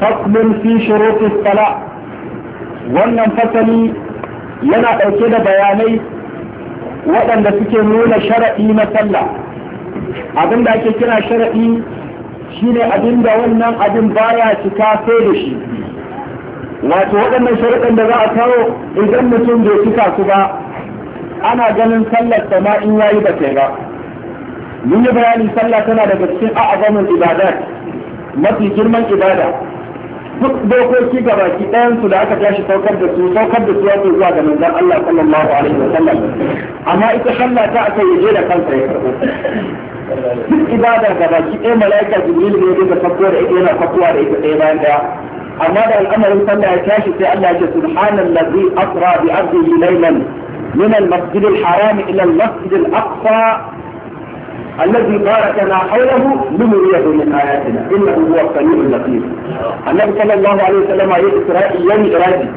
فصل في شروط الصلاة wannan fasali yana ɗauke da bayanai waɗanda suke nuna shara'i na sallah abin da ake kira shara'i shine abin da wannan abin baya cika sai da shi wato waɗannan sharuɗan da za a kawo idan mutum bai cika su ba ana ganin sallar da ma in yayi ba kai ba mun yi bayani sallah tana daga cikin a'azamin ibadat mafi girman ibada duk dokoki ga baki ɗayan su da aka tashi saukar da su saukar da su ya ce zuwa ga manzon Allah sallallahu alaihi wasallam amma ita sallah ta aka yi da kansa ya karɓo duk ibada ga baki ɗaya malaika jibril ne da fakko da ita yana fakkowa da ita ɗaya bayan ɗaya amma da al'amarin sallah ya tashi sai Allah ya ce subhanallazi asra bi abdihi laylan min al-masjid al-haram ila al-masjid al-aqsa الذي باركنا حوله لنريه من آياتنا إنه هو السميع اللطيف النبي صلى الله عليه وسلم يقول إسرائيل يعني إرادي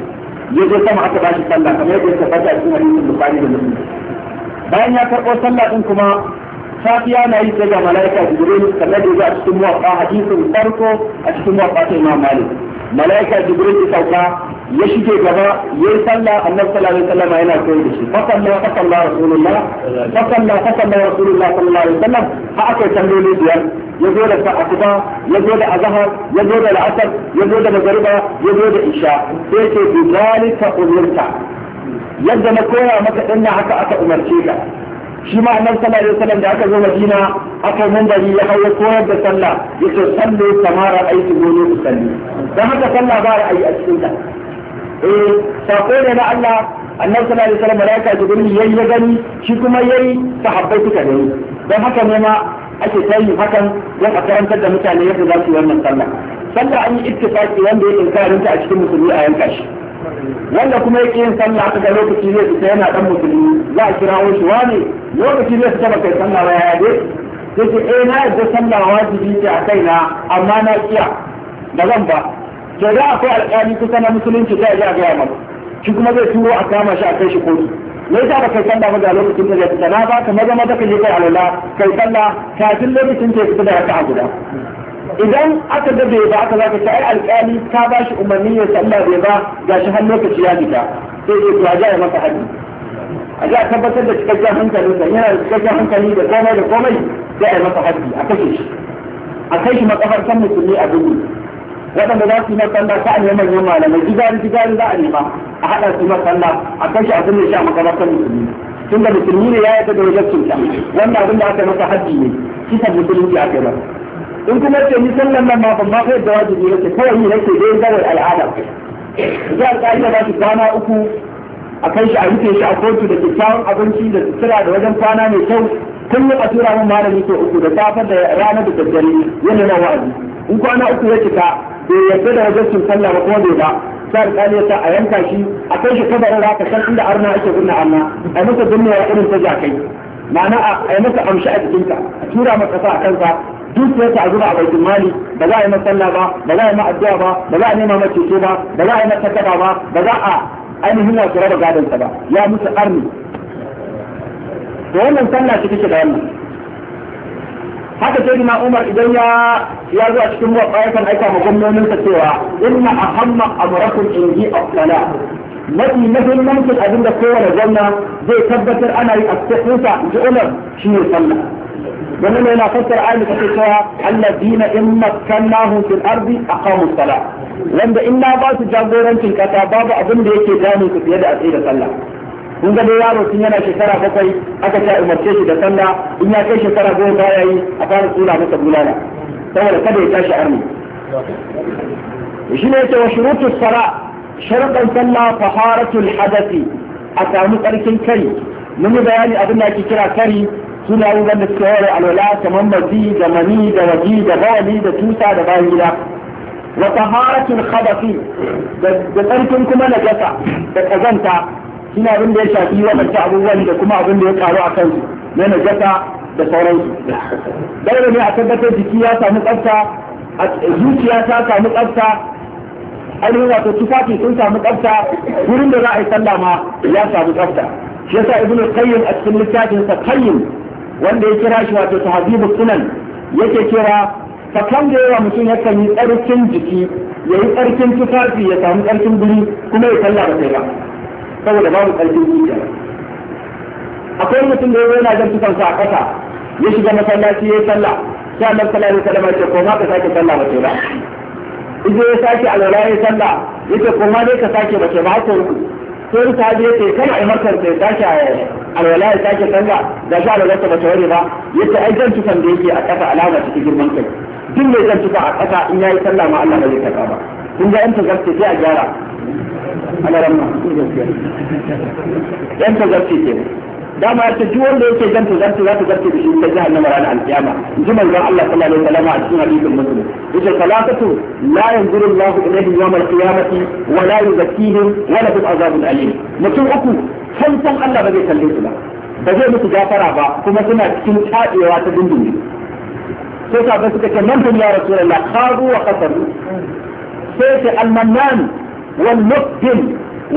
يجي سمع تباشي صلى كما يجي تفتح اسمه من البخاري ومسلم بأن ya karɓo إنكما ɗin kuma safiya ملائكة جبريل daga جاء jibril kamar da ya a cikin muwaƙa malaika jibril ya sauka ya shige gaba yayi sallah annabi sallallahu alaihi wasallam yana koyi da shi fa sallah fa sallah rasulullah fa sallah fa sallah rasulullah sallallahu alaihi wasallam ha aka tambaye biyar ya zo da asuba ya zo da azhar ya zo da al'asr ya zo da magriba ya zo da isha sai ce bi zalika umirta yadda na koya maka dinna haka aka umarce ka shi ma annabi sallallahu alaihi wasallam da aka zo Madina aka mandari ya hawo koyar da sallah yace sallu kamar aiki goyo ku salli dan haka sallah ba ra'ayi a cikin ta eh sako ne na Allah annabi sallallahu alaihi wasallam malaika jibril yayi ya gani shi kuma yayi sahabbai suka gani dan haka ne ma ake tayi hakan don a karantar da mutane yadda za su yi wannan sallah sallah an yi ittifaqi wanda ya inkarinta a cikin musulmi a yanka shi wanda kuma yake yin sallah aka ga lokaci zai fita yana dan musulmi za a kirawo shi wani lokaci zai fita baka sallah ba ya dai sai ce eh na yadda sallah wajibi ce a kaina amma na kiya da zan ba to da akwai alƙali kusa na musulunci sai ya ga yamma. shi kuma zai turo a kama shi a kai shi kotu me yasa baka sallah ba ga lokacin da zai fita na ba ka maza maza ka je kai alwala kai sallah kafin lokacin da ya fita da a guda idan aka ga bai ba aka zaka ta ai alƙali ka ba shi umarni ya sallah bai ba gashi har lokaci ya fita sai dai to ya masa haji a ga tabbatar da cikakken hankali da yana da cikakken hankali da komai da komai sai a yi masa haji a kashe shi a kai shi makafartan musulmi a dubu waɗanda za su yi masalla ta a neman yan malamai jigari jigari za a nema a haɗa su masalla a kai shi a kunne shi a makafartan musulmi tunda musulmi ne ya yarda da wajen cinta wannan abin da aka masa haji ne kisan musulunci aka yi masa in kuma ce ni sallan nan ma ban ma kai da wajibi yake kawai ni nake dai gawar al'ada za a kai ba shi kwana uku a kai shi a rufe shi a kotu da kyakkyawan abinci da sutura da wajen kwana mai kyau kun yi tura mun malami ko uku da safar da ranar da daddare yana na wa'azi in kwana uku ya cika bai yarda da wajen cin sallah ba ko bai ba sai alƙali ya a yanka shi a kai shi kabarin raka san inda arna ake kunna arna a masa dunnewa irin ta jakai ma'ana a yi masa amshi a jikinka a tura masa sa a kansa dukiyar ta a zuba a baitul mali ba za a yi masalla ba ba za a yi ma'addu'a ba ba za a nema mace ba ba za a yi masakaba ba ba za a ainihin wasu raba gadon ba ya musu arni da wannan sallah shi take da wannan haka sai na Umar idan ya ya zuwa cikin wa aika ma gwamnonin sa cewa inna ahamma amrakum inji as-salah mafi mahimmancin abin da kowane gwamna zai tabbatar ana yi a tsakuta ji umar shi ne sallah wannan yana fassar ayi kace cewa alladina in makkannahu fil ardi aqamu salah wanda in na ba su jagorancin kasa babu abin da yake damu su fiye da a da sallah kun ga dai yaro tun yana shekara bakwai aka ta umarce shi da sallah in ya kai shekara goma baya yi a fara tsula masa bulala saboda kada ya tashi arni shi ne yake wa shurutus salah sharuɗan sallah taharatul hadasi a samu tsarkin kari mun yi bayani abin da ake kira kari suna yi wanda suka yare alwala kamar mazi da mani da waji da bawali da tusa da bayan gida wa taharatul hadasi da tsarkin kuma najasa da kazanta shine abin da ya shafi waɗanda abubuwan da kuma abin da ya karu a kansu na najasa da sauransu dole ne a tabbatar jiki ya samu tsafta zuciya ta samu tsafta ainihin wato tufafi sun samu tsafta wurin da za a yi sallah ma ya samu tsafta shi yasa ibnu qayyim a cikin littafin sa qayyim wanda ya kira shi wato tahdibu sunan yake kira fa kan da yawa mutum ya kan yi tsarkin jiki ya yi tsarkin tufafi ya samu tsarkin guri kuma ya sallah ba sai saboda babu tsarkin jiki akwai mutum da yawa yana jan sa a ƙasa ya shiga masallaci ya yi sallah sai annabi sallallahu alaihi wasallam ya ce ko ma ka sake sallah ba sai ba ido ya sake alwala ya sallah yace kuma dai ka sake mace ba ta ruku sai ta je ce kana imarkar sai sake alwala ya sake sallah da shi alwala ta mace wani ba yace ai zan tukan da yake a kasa alama ta girman kai duk mai zan tuka a kasa in yayi sallah ma Allah ba zai karba ba kun ga yan tazarce sai a gyara alaramma yan tazarce sai. dama ya ji wanda yake ganta zanta za ta zanta da shi ta jahannama ranar alkiyama ji manzon Allah sallallahu alaihi wasallam a cikin hadisin muslim yace salatu la yanzuru Allah ilayhim yawm al-qiyamati wa la yuzakkihim wa lahum azabun alim mutum uku san san Allah ba zai kalle su ba ba zai musu gafara ba kuma suna cikin tadewa ta dindindin sai ka suka ce man ya rasulullah qaru wa qasaru sai ce al-mannan wal mubdil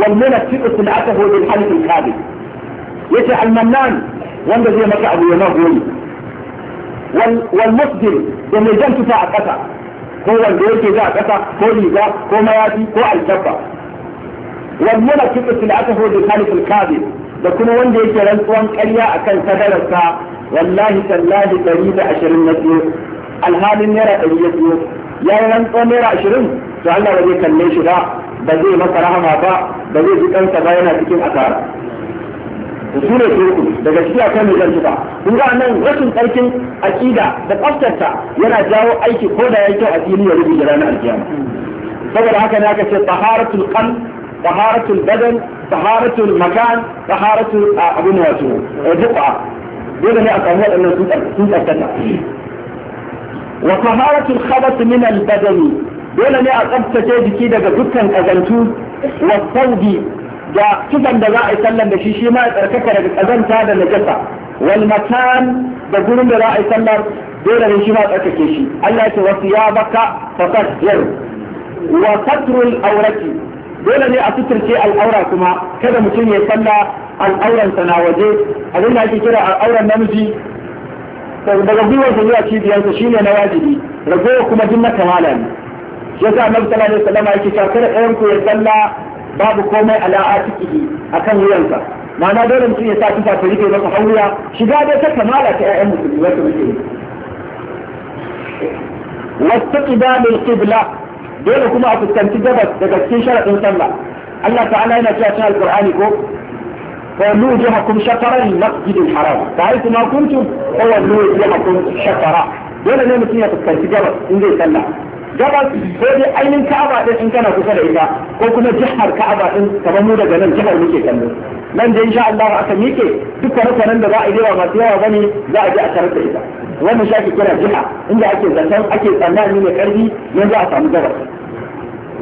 wal munaffiq sil'atahu bil halq al-kabir يسح المنان وانده زي مكعب ينظر والمصدر ان الجن تساع قطع هو الجوكي ذا قطع كولي ذا كومياتي كو الجبا والملك في السلعات هو الخالف الكاذب لكن وانده يسح الانسوان قليا اكن سدلسا والله سلاه تريد عشرين نسيه الهال نرى تريده يا الانسوان نرى عشرين سألنا وليك الليش ذا بزي مصرها ما فا بزي ذكا انت باينا تكين da su ne turku da gaskiya ko mai zantuka kun ga nan rashin tsarkin aƙida da tsaftarta yana jawo aiki ko da ya kyau a fili ya rubuta ranar alkiyama saboda haka ne aka ce taharatul qalb taharatul badan taharatul makan taharatul abin wato duqa dole ne a samu waɗannan sun tsarkata wa taharatul khabath min al badani dole ne a tsaftace jiki daga dukkan kazantu wa saubi da kisan da za a yi sallan da shi shi ma ya tsarkaka daga kazanta da najasa wal makan da gurin da za a yi sallar dole ne shi ma tsarkake shi Allah ya ce wasu ya baka fasahir wa satrul aurati dole ne a suturce al'aura kuma kada mutum ya salla al'auransa na waje abin da ake kira al'auran namiji daga gwiwarsa zuwa cibiyarsa shine na wajibi ragowa kuma duk na kamala ne shi yasa annabi sallallahu alaihi wasallam yake cewa kada ɗayan ku ya salla babu komai ala atiki akan wuyansa na dole mutum ya sa tufa ta rike masa hauriya shiga dai ta kamala ta ƴaƴan musulmi wata muke da qibla qibla dole kuma a fuskanci gabas daga cikin sharadin sallah Allah ta'ala yana cewa cikin alqur'ani ko fa jihakum shatara al-masjid al-haram fa haythu ma kuntum fa wallu jihakum shatara dole ne mutum ya fuskanci gabas in zai sallah gabas ko dai ainihin ka'aba din in kana kusa da ita ko kuma jihar ka'aba din kamar mu daga nan jihar muke kallo nan dai insha Allah aka mike duka rukunan da za a yi wa masu yawa bane za a je a tarar da ita wannan shi ake kira jiha inda ake zantan ake tsammani mai karfi nan za a samu gabas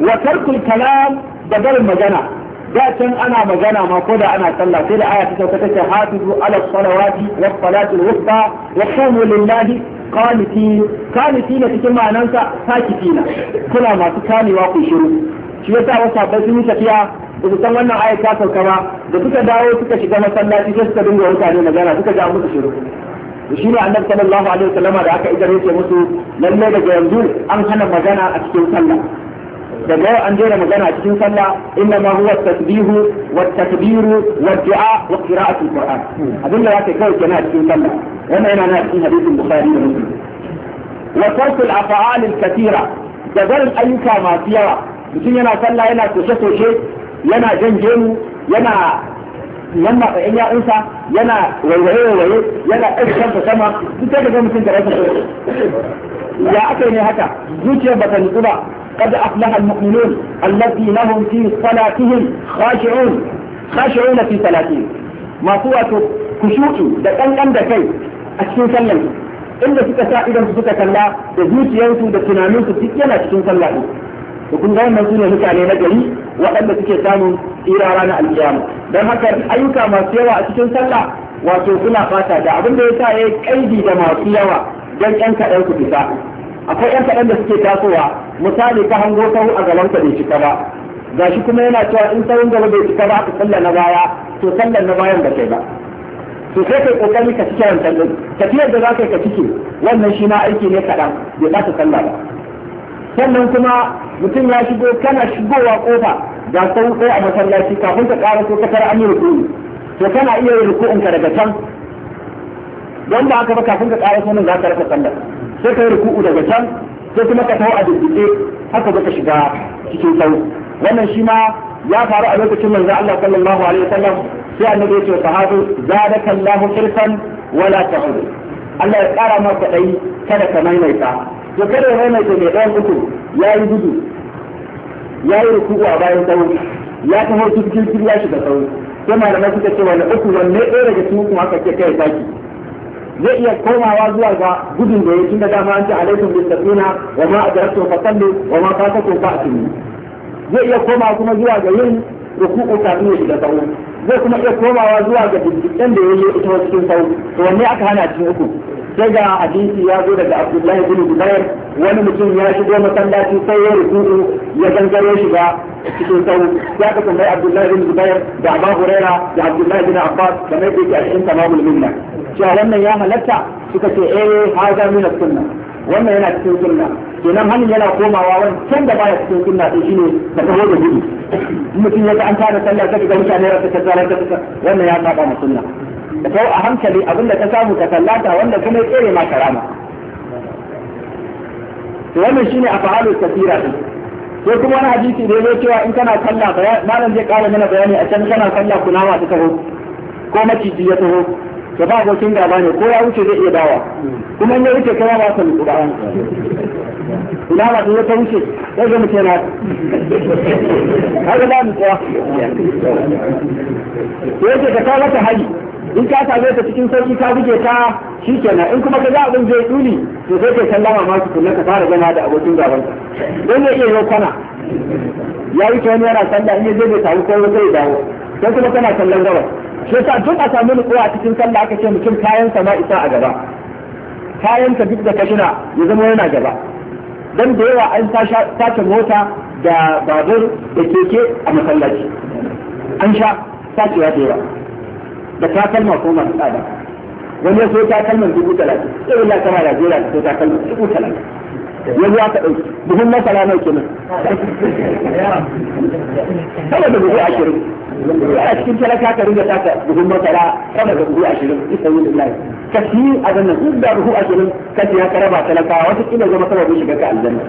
wa tarkul kalam da barin magana da can ana magana ma ko da ana sallah sai da aya ta sauka take hafizu ala salawati was salatul wusta wa qumu lillahi qanitin na cikin ma'anansa sakitina kuna masu kamewa ku shiru shi yasa wasu sabbin sun yi tafiya ba san wannan ayat ta sauka da suka dawo suka shiga masallaci sai suka dinga mutane magana suka ja musu shiru shi ne annabi sallallahu alaihi wasallama da aka idare ce musu lalle daga yanzu an hana magana a cikin sallah daga yau an jera magana a cikin sallah inna ma huwa tasbihu wa takbiru wa du'a wa qira'atul qur'an abin da yake kawai kenan a cikin sallah wannan yana na cikin hadisin bukhari da muslim wa tarkul af'al al-kathira da barin ayyuka masu yawa mutum yana sallah yana toshe toshe yana jan gemu yana yamma ka in ya'insa yana waiwaye waiwaye yana ɗaukar sama duk da ga mutum da rasa ya aka ne haka zuciyar ba ta nutsu ba قد أفلح المؤمنون الذي لهم في صلاتهم خاشعون خاشعون في صلاتهم ما هو كشوك دكان كان دكان أشكين سلم إلا سكتا إذا سكتا لا يزيك ينسو دكنامين سكتين أشكين سلم وكن دائما سنة لك علينا جري وقد تكي سانو إيرارانا القيامة دم حكا أيوكا ما سيوا أشكين سلم وكن كنا قاتا دعبن بيسا أي كيدي دماغ سيوا جل أنك أيوكو بيسا akwai yan kaɗan da suke tasowa misali ka hango sahu a gaban ka bai cika ba gashi kuma yana cewa in sahun gaba bai cika ba aka sallar na baya to sallar na bayan ba kai ba to sai kai kokari ka cike wancan din tafiyar da za ka ka cike wannan shi na aiki ne kaɗan bai ba ka sallah ba sannan kuma mutum ya shigo kana shigowa kofa ga sahu ɗaya a masallaci kafin ka ƙara ko katar an yi rukuni to kana iya yin rukunin ka daga can don ba haka ba kafin ka ƙara sunan za ka rasa sallah sai kai ruku'u daga can sai kuma ka tawo a dubbe haka zaka shiga cikin tsawo wannan shi ma ya faru a lokacin manzo Allah sallallahu alaihi wasallam sai annabi ya ce sahabu zadaka Allahu shirkan wala ta'ud Allah ya kara maka dai kada ka maimaita to kada ya maimaita mai ɗayan uku yayi gudu yayi ruku'u a bayan sau ya taho cikin cikin ya shiga sau sai malamai suka ce wani uku wanne ɗaya daga cikin uku haka ke kai saki zai iya komawa zuwa ga gudun da ya da dama an ce alaikum bis wa ma ajraktum fa sallu wa ma fatakum fa atimu zai iya komawa kuma zuwa ga yin ruku'u kafin ya shiga sahu zai kuma iya komawa zuwa ga binciken da ya yi ita cikin sahu to wanne aka hana cikin uku sai ga hadisi ya zo daga Abdullahi bin Zubair wani mutum ya shigo masallaci sai ya ruku'u ya gangaro shiga cikin sahu ya ka tambayi Abdullahi bin Zubair da Abu Huraira da Abdullahi bin Abbas da mai yake a cikin tamamul minna cewa wannan ya halatta suka ce eh ga mina sunna wannan yana cikin sunna kenan hannun yana komawa can da baya cikin sunna sai shine da kawo da gudu mutum yaga an tada sallah sai ga mutane rasa ta tsara ta wannan ya saba ma sunna da kawo a hankali abinda ka samu ka sallata wanda kuma ya tsere ma karama to wannan shine a fa'alu kafira din sai kuma wani hadisi da ya cewa in kana sallah malam zai kara mana bayani a can kana sallah kunawa ta taho ko maciji ya taho ka ba abokin gaba ne ko ya wuce zai iya dawa kuma ya wuce kana ba ka nutsu ba ina ba ya ta wuce ya ga mutum yana kaga ba nutsuwa to yake ka kawo ta hari in ka same ta cikin sauki ta buge ta shikenan in kuma ka ga abin zai duli to sai kai sallama ma su kullum ka fara gana da abokin gaban ka don ya iya yau kwana ya wuce wani yana sallah in ya je bai samu ko zai dawo sai kuma kana sallan gaba shi yasa duk a samu nutsuwa cikin sallah aka ce mutum kayan sa ma isa a gaba kayan ka duk da kashina ya zama yana gaba dan da yawa an sace mota da babur da keke a masallaci an sha sacewa da yawa da takalma ko masu tsada wani ya so takalman dubu talatin sai wani kama Najeriya ta so takalman dubu talatin yanzu aka ɗauki buhun masara nau kenan sama da buhu ashirin a cikin talaka ka ringa taka buhun masara sama da buhu ashirin isa yi lillahi ka ci a zannan duk da buhu ashirin ka ci ya ka raba talaka wata kila zama sababin shiga ka aljanna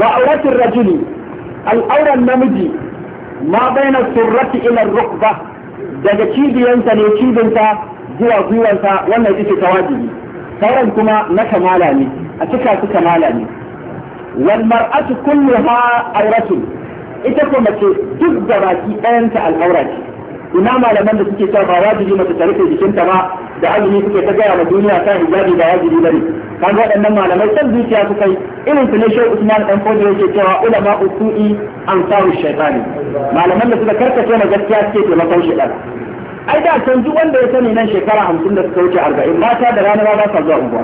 wa auratin rajuli al'auran namiji ma baina surrati ila rukba daga cibiyansa ne cibinta zuwa gwiwansa wannan ita ta wajibi sauran kuma na kamala ne a cika su kamala ne wal mar'atu kulluha auratu ita ko mace duk da baki ɗayanta al'aura ce ina malaman da suke cewa ba wajibi mace ta rufe jikinta ba da azumi suke ta gaya wa duniya ta hijabi ba wajibi bane kan waɗannan malamai san zuciya su kai irin su ne shehu usman dan fodi yake cewa ulama usu'i ansaru shaytani malaman da suka karkace na gaskiya suke taimakon shaytan ai da can duk wanda ya sani nan shekara hamsin da suka wuce arba'in mata da rana ba sa zuwa unguwa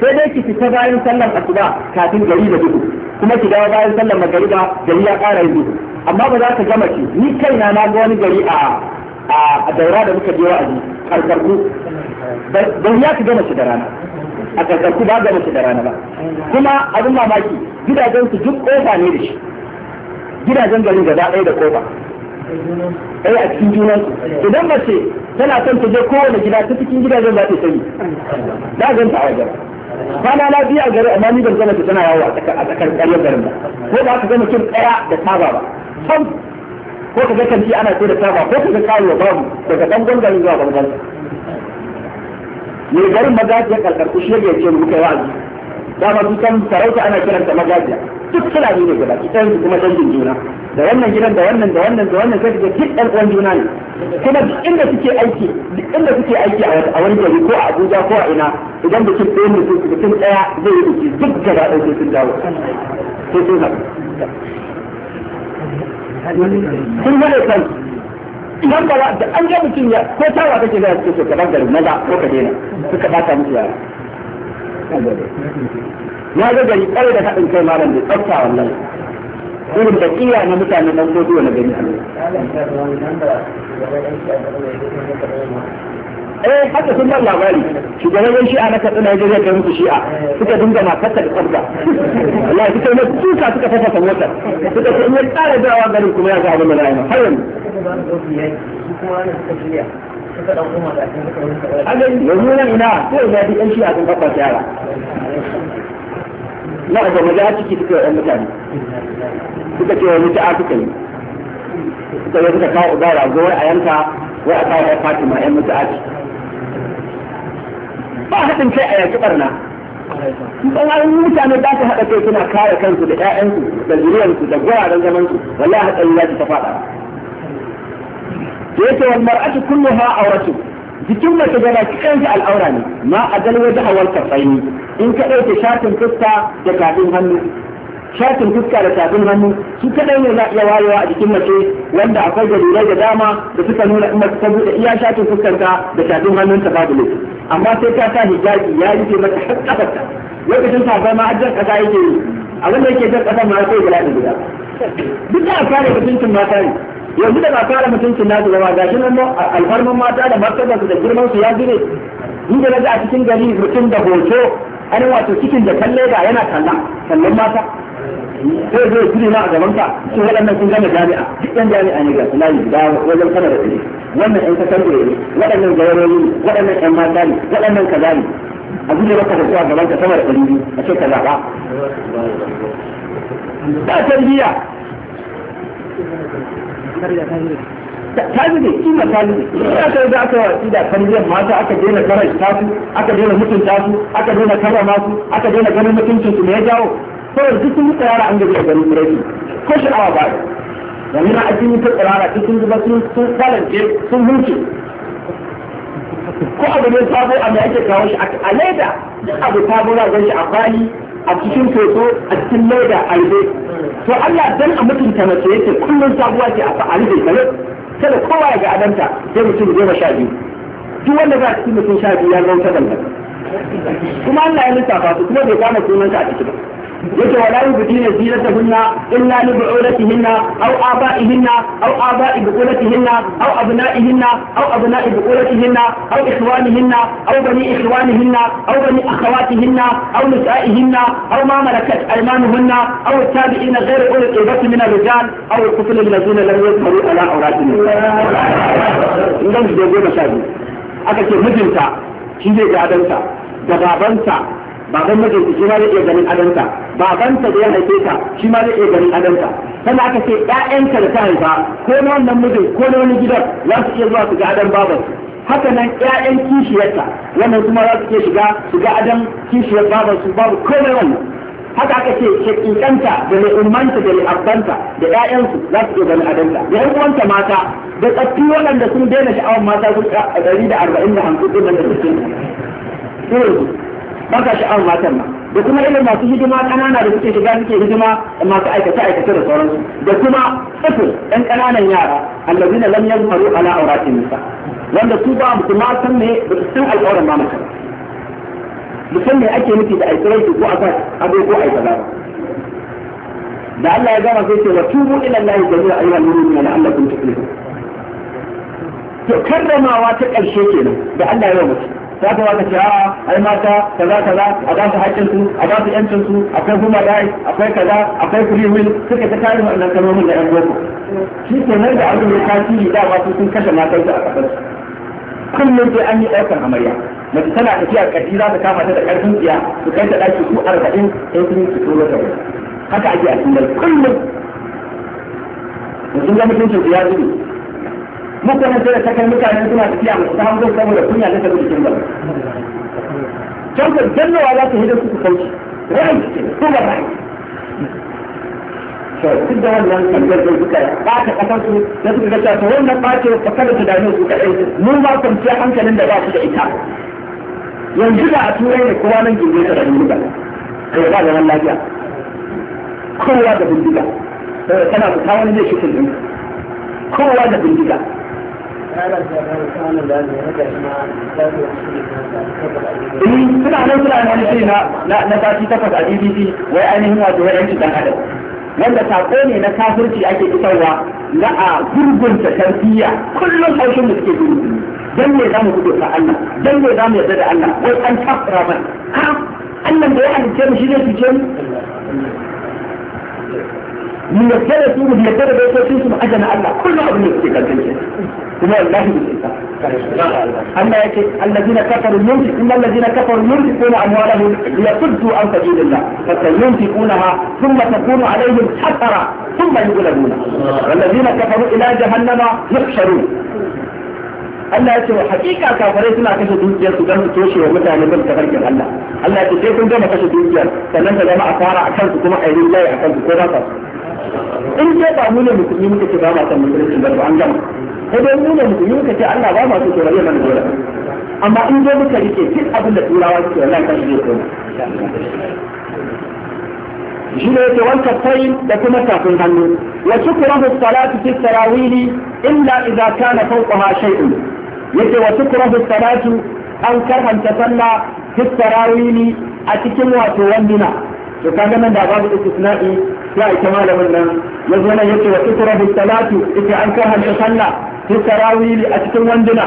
sai dai ki fita bayan sallar asuba kafin gari da duhu kuma ki dawo bayan sallar magariba gari ya ƙara yin duhu amma ba za ka gama ki ni kaina na ga wani gari a a daura da muka je wa'azi karkarku ba ya ki gama shi da rana a karkarku ba gama shi da rana ba kuma abin mamaki gidajen su duk kofa ne da shi gidajen garin gaba ɗaya da kofa ai eh, a cikin juna su idan mace tana son ta je kowane gida ta cikin gidajen za ta sani na zan ta wajen kwana na biya gari amma ni ban zama ta tana yawo a tsakar ƙaryar garin ba ko ba ka zama kin ɗaya da taba ba sam ko ka ga kanti ana so da taba ko ka ga kawo babu daga dan gwangwani zuwa gwangwani mai garin magajiya ƙarƙar kushe ga yake ce muka yi wa'azi dama kan sarauta ana kiranta magajiya duk fulani ne gaba ɗayan su kuma dangin juna da wannan gidan da wannan da wannan da wannan sai duk ɗan uwan juna ne kuma duk inda suke aiki duk inda suke aiki a wani gari ko a Abuja ko a ina idan bikin ɗaya ne su bikin ɗaya zai yi biki duk gaba ɗaya sai sun dawo sai sun haɗu sun haɗe kan idan ba da an ga mutum ya ko tawa kake da su ka bangare gari maza ko ka daina suka bata musu yara ya ga gari kare da haɗin kai malam bai tsafta wannan irin da kiya na mutane nan ko duwa na gani eh haka sun ban labari shugaban shi'a na katsina ya jirya kai musu shi'a suka dinga matarsa da tsabga Allah suka yi masu tuka suka fafasa motar suka ce in ya tsara dawa garin kuma ya ga abin da na yi har yanzu a gani yanzu nan ina ko ina duk yan shi'a sun fafa yara na da maza ciki suka yi mutane suka ce wani ta'a suka yi suka yi suka kawo uba rago wai a yanka wai a kawo ya fatima yan mutu'a ce ba haɗin kai a yanki barna ban mutane ba su haɗa kai suna kare kansu da ƴaƴansu da zuriyarsu da guraren zamansu wallahi haɗari za su ta faɗa da yake wal mar'atu kulluha awratu jikin mace da baki kansa al'aura ne ma a dal waje hawar kafaini in ka ɗauke shafin fuska da tafin hannu shafin fuska da tafin hannu su kaɗai ne za iya wayewa a jikin mace wanda akwai dalilai da dama da suka nuna in mace ta buɗe iya shafin fuskanta da tafin hannunta babu laifi amma sai ta sa hijabi ya rufe mata har ƙafarta lokacin safa ma ajiyar ƙasa yake yi abin da yake jan ƙasa ma sai gida da gida duk da a kare mutuncin mata ne yanzu da ba fara mutuncin nasu ba ga shi nan alfarman mata da martaba su da girman su ya zube ni da naga a cikin gari mutum da hoto an wato cikin da kalle ga yana kalla kallon mata sai zai kuri ma a gaban ka su waɗannan sun gama jami'a duk ɗan jami'a ne ga sunayi da wajen kana da kuɗi wannan ɗan kasan ne waɗannan gawarori ne waɗannan ɗan mata ne waɗannan kaza ne a zube maka da zuwa gaban ka sama da ɗari biyu a ce ka zaɓa ba tarbiyya talibi kima talibi ina ta yadda aka watsi da tarbiyyar mata aka daina karanta su aka daina mutunta su aka daina karrama su aka daina ganin mutuncin su me ya jawo kawai duk sun mutu yara an gaji a garin biredi ko sha'awa ba yanzu na addini ta tsirara duk sun zuba sun sun kalance sun huce ko abu ne sabo a me ake kawo shi a leda duk abu sabo na gan shi a bayi a cikin teku a cikin leda a yi to Allah dan a mutunta mace yake kullum sabuwa ce a fa'ali da kare kada kowa ya ga adanta sai mutum goma sha biyu duk wanda za a cikin mutum shabi ya zama ta kuma Allah ya lissafa su kuma bai kama sunanta a ciki ba يجي ولا يبدين زينتهن إلا لبعولتهن أو آبائهن أو آباء بقولتهن أو أبنائهن أو أبناء بقولتهن أو إخوانهن أو بني إخوانهن أو بني أخواتهن أو نسائهن أو ما ملكت أيمانهن أو التابعين غير أولي الإيبة من الرجال أو الطفل الذين لم يظهروا على أوراتهم. إذا مش جايبين مشاهدين. أكثر مجلسة شيء جادلسة جابانسة baban mijinki shi ma zai iya ganin adanta babanta da ya haife ka shi ma zai iya ganin adanta sannan aka ce ƴaƴanka da ta haifa ko na wannan mijin ko na wani gidan za su iya zuwa su ga adan su haka nan ƴaƴan kishiyarta wannan kuma za su iya shiga su ga adan kishiyar su babu komai wannan haka aka ce shakikanta da mai ummanta da mai abbanta da ƴaƴansu za su iya ganin adanta da ƴan uwanta mata da tsaffi waɗanda sun daina sha'awar mata sun ɗari da arba'in da hamsin ɗin da suke irin ba ka sha'awar matan ma da kuma irin masu hidima ƙanana da suke shiga suke hidima masu aikace aikace da sauransu da kuma tsifir ɗan ƙananan yara allazina lam yazmaru ala auratin nisa wanda su ba mu kuma san me ba su san al'auran ma mace musan me ake nufi da aikirai ko a kan abu ko aikata ba da Allah ya gama sai ce wa tubu ila Allah jami'a ayyuhal mu'minuna la'allakum tuflihun to karramawa ta ƙarshe kenan da Allah ya yi wa mutum ya wata ce a'a ai mata kaza kaza a ba su haƙƙin su a ba su yancin su akwai huma dai akwai kaza akwai free will suka ta kare wannan kalmomin da yan boko shi ke nan da abin da ya tasiri da su sun kashe mata su a kasar kullum sai an yi ɗaukar amarya mace tana tafiya ƙarfi za ta kama ta da ƙarfin tsiya su kai ta ɗaki su arba'in sai sun yi su tsoro da haka ake a cikin kullum yanzu ga mutuncin su ya zubi mutanen da ta kai mutane suna tafiya masu ta hanzar saboda kunya da saboda kin gaba can ka jannawa za ta hidin su kauci ra'ayi ce su ba ra'ayi duk da wannan tambayar da suka ba ta kasar su da suka ga cewa wannan ɓace ba kada su dame su kaɗai mun ba kwanciyar hankalin da ba su da ita yanzu da a turai da kowa nan gindi ta da bindiga kai ba nan lafiya kowa da bindiga tana su ta wani zai shi kowa da bindiga suna nan suna nan shiri na na sati takwas a bbc wai ainihin wato wai yanci dan adam wanda sako ne na kafirci ake isarwa na a gurgunta tarbiyya kullum haushin da suke gudu dan me zamu gudu ta Allah dan me zamu yarda da Allah wai an kafira mana ha Allah da ya halice mu shi ne su ce mu من يكره سوء من يكره بيت وشيء سوء أجنى الله كل أبو يكتك الجنة إنه الله أما يكي الذين كفروا ينفق إن الذين كفروا ينفقون أموالهم ليصدوا عن سبيل الله فسينفقونها ثم تكون عليهم حفرة ثم يغلبون الذين كفروا إلى جهنم يحشرون Allah ya ce wa hakika kafare suna kashe dukiyar su gamsu toshe wa mutane gamsu kamar yin Allah. Allah ya ce sai kun gama kashe dukiyar sannan ta in dai ba mu ne musulmi muka ce ba ma san musulunci ba an gama sai dai mu ne musulmi muka ce Allah ba ma so to rayuwar nan dole amma in dai muka rike duk abin da turawa suke wallahi kan shi ko shi ne yake wanka kai da kuma tafin hannu wa tukrahu salatu fi tarawih illa idza kana fawqaha shay'un yake wa tukrahu salatu an karhanta sallah fi tarawih a cikin wato wanduna to kaga nan da babu istisna'i ya ita malamin nan ya zo nan yace wa ikra bi salatu ita an karanta sallah fi tarawih a cikin wanduna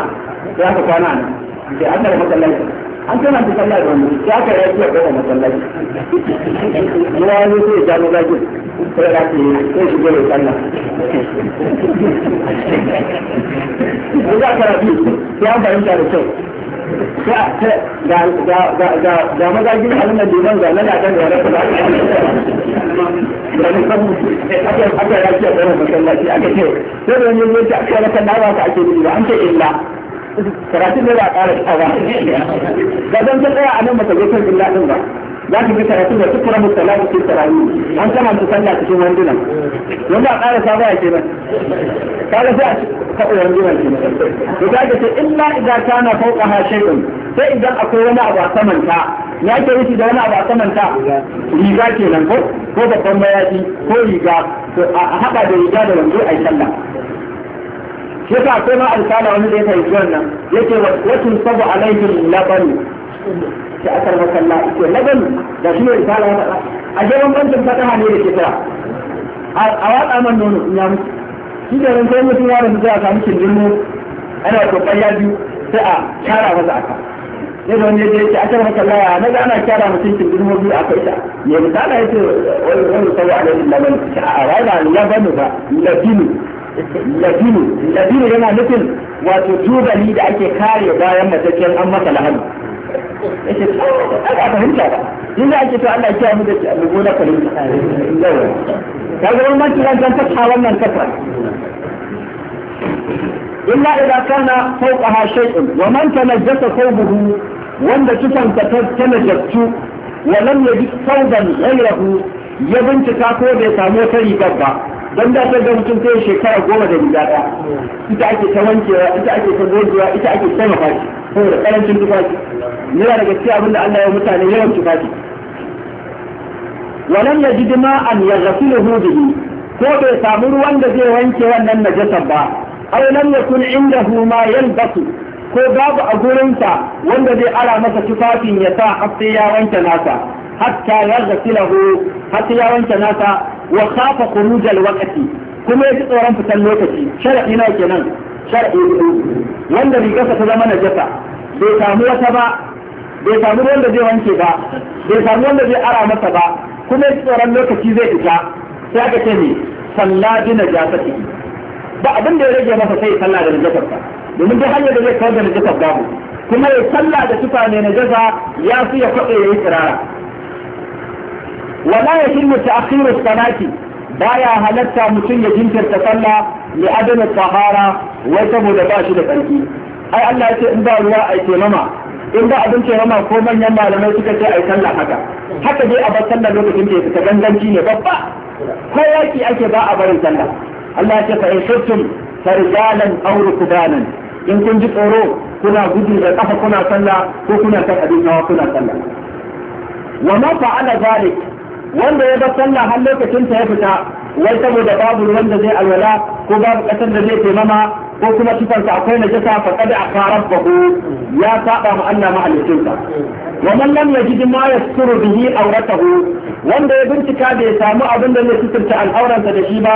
ya ka kwana nan sai an da masallaci an kana da sallah da wanduna ya ka yi ya ga masallaci ya ne sai ya ga zaki sai da ke sai shi gole sallah ya ka rabi ya bayyana da kyau ga mazajin halin da liman ga nan akan gare ku da aka ya ce tsarin masallaci ake ce sai da yanzu yake aka da ba ka ake ba an ce illa karatun ne ba a ƙara ta ba ga zan ta tsaya a nan mata gefen illa din ba لكن بس أقول لك كم مسلاك في التراويح هم كمان تصلي تشوف عندنا يوم ما قال صلاة كذا قال صلاة تقول عندنا كذا وقال كذا إلا إذا كان فوقها شيء فإذا أقول ما أبغى ثمن كا لا تريد إذا ما أبغى ثمن كا ليجا كذا هو هو بقوم بياتي هو ليجا هذا ليجا ده من جو أي سلام Yasa ko ma alƙala wani da ya kai zuwan nan yake wasu sabu alaihi labari da akar masalla ita lagan da shi ne risala ya a jiran bankin fataha ne da shekara a watsa man nono in ya mutu shi da ran sai mutum ya rasu samu samu kindirmo ana kokon ya biyu sai a kyara masa aka ne da wani ya ce akar masalla ya na ana kyara mutum kindirmo biyu a kai ta ne misala ya ce wani wani sai ya alaihi laban a rana ya bani ba labinu labinu labinu yana nufin wato tubali da ake kare bayan matacciyar an masa lahani yace ai fahimta ba in da ake to Allah ya kiyaye mu da mummuna fahimta yawa kaga wannan kiran dan fata wannan kafa illa idan kana fawqaha shay'un wa man tanajjasa thawbuhu wanda kisan ta tanajjatu wa lam yajid thawban ghayrahu ya bincika ko bai samu tari rigar ba don da ta ga mutum sai shekara goma da riga ta ita ake ta wankewa ita ake ta gojewa ita ake ta taimaka shi saboda karancin tufafi yana daga cikin abin da Allah ya mutane yawan tufafi walan yajid ma'an yaghsiluhu hudu ko bai samu ruwan da zai wanke wannan najasar ba aw lam yakun indahu ma yalbasu ko babu a gurinsa wanda zai ara masa tufafin ya sa har sai ya wanke nasa hatta yaghsiluhu hatta ya wanke nasa wa khafa khuruj al-waqti kuma yaji tsoron fitan lokaci sharadi nawa kenan sharadi wanda rigarsa ta zama najasa bai samu wata ba bai samu wanda zai wanke ba bai samu wanda zai ara masa ba kuma yaji tsoron lokaci zai fita sai aka ce ne salla bi najasati ba abin da ya rage masa sai sallah da najasarsa domin duk hanyar da zai kawar da najasar babu kuma ya sallah da tufa mai najasa ya fi ya kwaɗe ya yi tsirara wala ya hillu ta'khiru salati baya halatta mutum ya jinkirta sallah li adam tahara wai saboda ba shi da tsarki ai Allah ya ce in ba ruwa ai mama in ba abin taimama ko manyan malamai suka ce ai sallah haka haka dai a bar sallah lokacin da ta ganganci ne babba ko yaki ake ba a barin sallah Allah ya ce fa in shuttum farjalan aw rukbanan in kun ji tsoro kuna gudu da kafa kuna sallah ko kuna kan abin hawa kuna sallah wa ma fa'ala zalik wanda ya bar sallah har lokacin ta ya fita wai saboda babu ruwan da zai alwala ko babu kasar da zai taimama ko kuma sa akwai najasa fa kada aka rabbahu ya saba mu Allah ma sa wa man lam yajid ma yasturu bihi awratahu wanda ya bincika bai samu abin da zai suturta sa da shi ba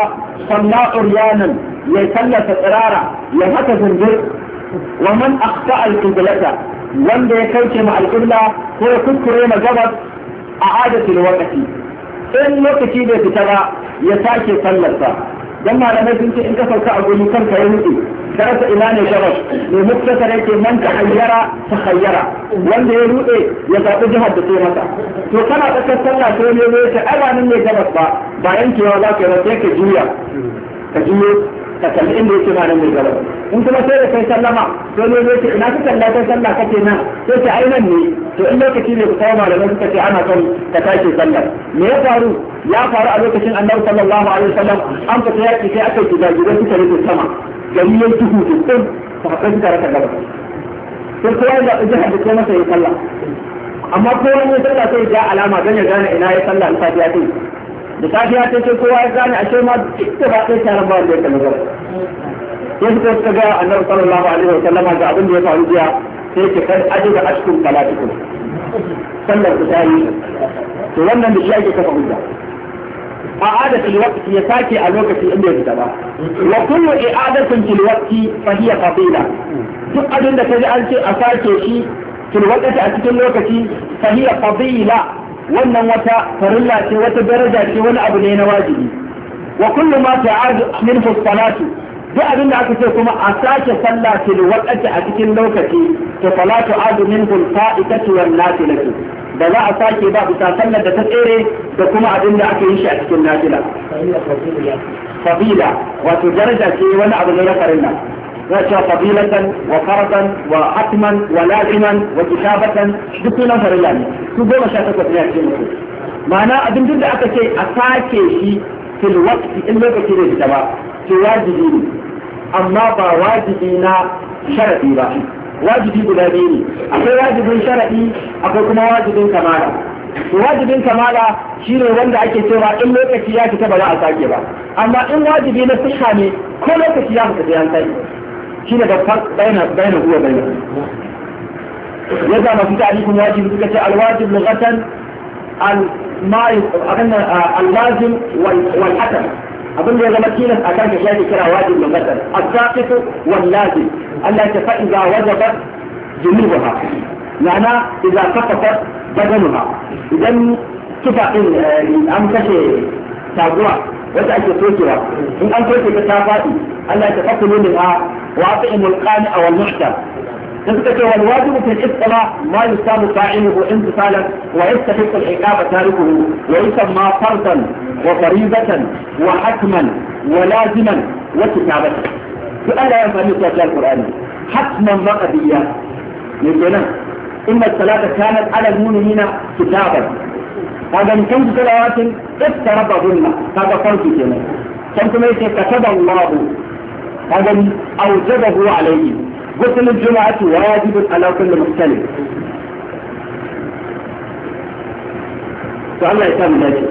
sanna uryanan ya sallata tsirara ya haka zunjir wa man akhta al-qiblata wanda ya kauce ma al-qibla ko ya kuskure ma gabas a adatul waqti in lokaci bai fita ba ya sake sallarsa dan malamai sun ce in ka sauka a guri kanka ya mutu karasa ina ne gabas mai muktasar yake man ta hayyara ta hayyara wanda ya rude ya zaɓi jihar da sai masa to kana tsakar sallah sai ne ne ta ai mai nan ne gabas ba ba kewa za ka yi ba sai ka juya ka juyo ka kalli inda yake ma nan mai gaba in kuma sai da kai sallama to ne zai ina ka kalla kai sallah kake nan sai ce ai nan ne to in lokaci ne ku kawo malamai suka ce ana son ka tashi sallar me ya faru ya faru a lokacin annabi sallallahu alaihi wasallam an fita yaki sai aka yi gidan suka rufe sama gari ya tuhu tutun sahabbai suka raka gaba sai kowa ya zaɓi jihar da ke masa ya sallah amma kowa ya sallah sai ya ja alama don ya gane ina ya sallah alfatiya ta da safiya ta ce kowa ya gane ashe ma duk da ba ɗaya taron ba wanda ya kalli ba sai suka suka ga annabi sallallahu alaihi wa sallama ga abin da ya faru jiya sai ce kan aji da ashkun salatikum sallar ku tayi to wannan da shi ake kafa hujja إعادة الوقت يساكي الوقت إنه يتبع وكل إعادة في الوقت فهي فضيلة تقعد أنك تجعل شيء أساكي شيء في الوقت أتكلم الوقت فهي فضيلة wannan wata farilla ce wata daraja ce wani abu ne na wajibi wa kullu ma ta'adu minhu duk abin da aka ce kuma a sake sallah fil waqti a cikin lokaci to salatu adu minhu fa'idatu wan nafilatu da za a sake ba bisa sallar da ta tsere da kuma abin da aka yi shi a cikin nafila fadila wato daraja ce wani abu ne na farilla وشا فضيلة وفرضا وحتما ولازما وكتابة دكتور نظر يعني su goma sha takwas ne a cikin mutum ma'ana abin duk da aka ce a sake shi fil waqti in lokaci da fita ba wajibi ne amma ba wajibi na sharadi ba wajibi guda biyu ne akwai wajibin sharadi akwai kuma wajibin kamala to wajibin kamala shine wanda ake cewa in lokaci ya a sake ba amma in wajibi na siha ne ko lokaci ya شنو ده الفرق بينه بينه هو بينه يبقى في تعريف واجب كذا الواجب لغه ما اظن اللازم والحتم اظن يا جماعه كده اكان كده كده واجب لغه الساقط واللازم الا فاذا وجب جنوبها معنى اذا سقطت بدنها اذا كفا ان ام كشي تابوها wata ake tokewa in an toke ta faɗi Allah ya ne min ha wa ati'imul qani'a wal muhtar in suka ce wal wajibu fil istila ma yusabu fa'iluhu intisalan wa yastahiqu al iqaba tarikuhu wa yusamma fardan wa fariidatan wa hakman wa laziman wa kitabatan to Allah ya amfani da Al-Qur'ani hatman maqdiya ne kenan inna salata kanat ala al-mu'minina kitaban وعدم كم سلوات آيَةٌ افترض ظلمة هذا صوت كما كم كما يتكتب الله هذا أوجبه عليه غسل الجمعة واجب على كل مختلف سؤال الله يسام ذلك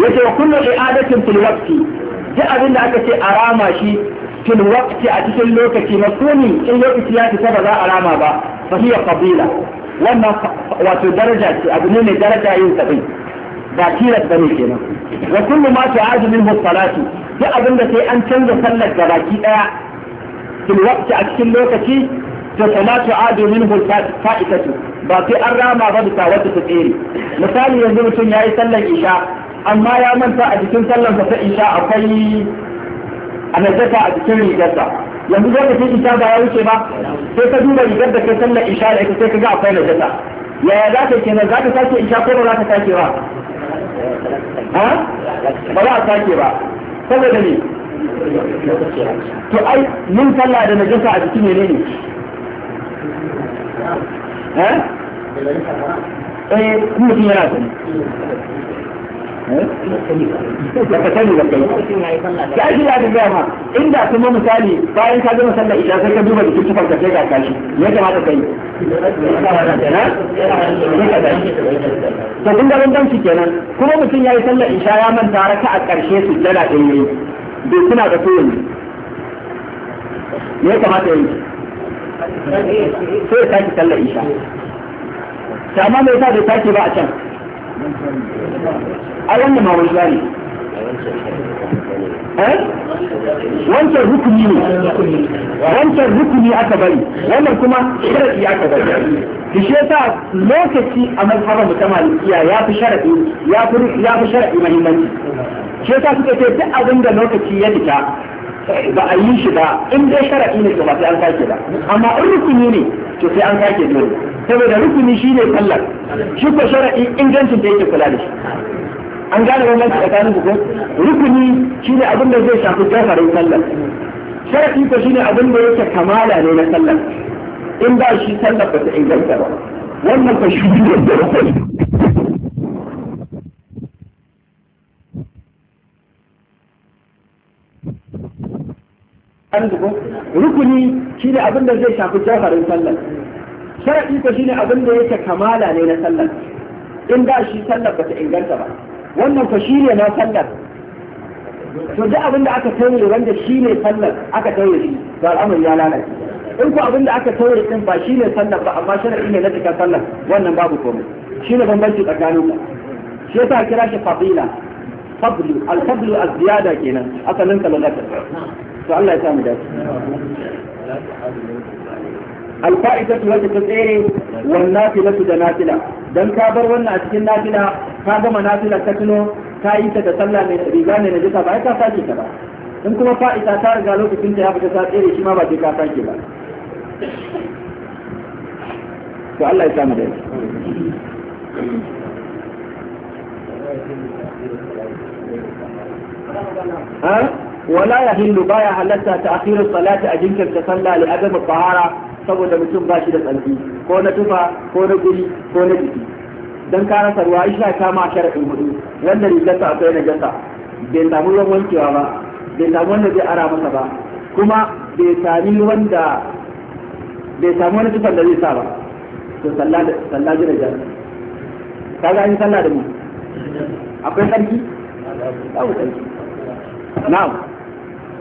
يتوى كل إعادة في الوقت جاء بالله أكثر أرامة شيء fil waqti a cikin lokaci masuni in lokaci ya fita ba za a rama ba fa hiya wannan wato daraja ce abu ne mai daraja yin sabin ba tilas kenan wa kullu ma tu'adu minhu duk abin da sai an canza sallar da baki daya fil a cikin lokaci to fala tu'adu minhu fa'itatu ba sai an rama ba bisa wata ta tsere misali yanzu mutum yi sallar isha amma ya manta a cikin sallar ta isha akwai a najasa a cikin rigarsa yanzu zai lokacin isha ba ya wuce ba sai ka duba rigar da kai sallar isha da ita sai ka ga akwai najasa yaya za ta kenan za ta sake isha ko ba za ta sake ba ba za a sake ba saboda ne to ai mun sallah da najasa a cikin ne ne eh mutum yana sani da ka sani da kai da ake ya gaya ma inda kuma misali bayan ka gama sallar isha sai ka duba da cikin farka sai ga kashi ya kamata kai to kun ga bambanci kenan kuma mutum ya yi sallar isha ya manta raka a ƙarshe su jana ɗin yi bai suna da tuwon ya kamata ya yi sai ya sake sallar isha amma mai sa bai sake ba a can ai wannan ma wajiya ne eh? wancan rukuni ne wancan rukuni aka bari wannan kuma sharadi aka bari ki shi yasa lokaci a mazhabar mu ta malikiya ya fi sharadi ya fi ya fi sharadi muhimmanci shi yasa suka ce duk abin da lokaci ya fita ba a yi shi ba in dai sharadi ne to ba sai an sake ba amma in rukuni ne to sai an sake dole saboda rukuni shi ne sallar shi ko shara'i ingancin da yake kula da shi an gane bambanci tsakanin su rukuni shi ne abin da zai shafi gafarin sallar shara'i ko shi ne abin da yake kamala ne na sallar in ba shi sallar ba ta inganta ba wannan fa shi ne da rukuni rukuni shi ne abin da zai shafi jafarin sallar sharaɗi ko shine abin da yake kamala ne na sallar in da shi sallar bata inganta ba wannan ko shine na sallar to duk abin da aka taure wanda shine sallar aka taure shi to al'amari ya lalace in ko abin da aka taure din ba shine sallar ba amma sharaɗi ne na cikin sallar wannan babu komai shine bambanci tsakanin ku shi yasa kira shi fadila fadlu al-fadlu az-ziyada kenan asalin sallar to Allah ya sa mu dace alfa'idatu wacce ta tsere wan nafilatu da nafila dan kabar bar wannan a cikin nafila ka gama nafila ta tuno ta yi ta sallah mai riga ne na jika ba ta sake ta ba in kuma fa'ida ta riga lokacin da ya fita ta tsere shi ma ba sai ka sake ba to Allah ya samu da ha wala ya hillu baya halatta ta akhirin salati a jinkirta sallah li adam tahara saboda mutum ba shi da tsanki ko na tufa ko na guri ko na jiki dan ka rasa ruwa isha kama sharadin hudu wanda rigarsa akwai najasa bai samu ruwan wankewa ba bai samu wanda zai ara masa ba kuma bai sami wani tufan da zai sa ba to sallah jira jar ka ga an sallah da mu akwai sarki babu sarki na'am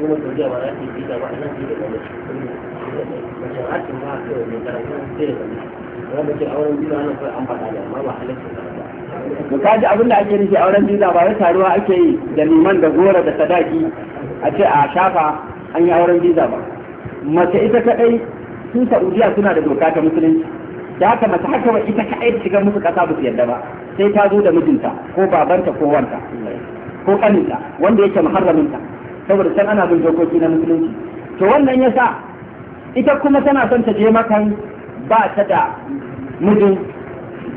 hukumar saudiya ba za ta yi visa ba a nan sai da gwamnati mace ba ta ma kawai mai karatu sai da gwamnati wanda ce auren visa ana kawai an faɗa da amma ba ba to kaji abin da ake nufi auren visa ba wai taruwa ake yi da liman da gora da sadaki a ce a shafa an yi auren visa ba mace ita kadai su saudiya suna da doka ta musulunci da haka mace haka ba ita kadai shiga musu ƙasa ba su yadda ba sai ta zo da mijinta ko babanta ko wanta ko kaninta wanda yake muharraminta saboda can ana bin dokoki na musulunci to wannan ya sa ita kuma tana son ta je makan ba ta da mijin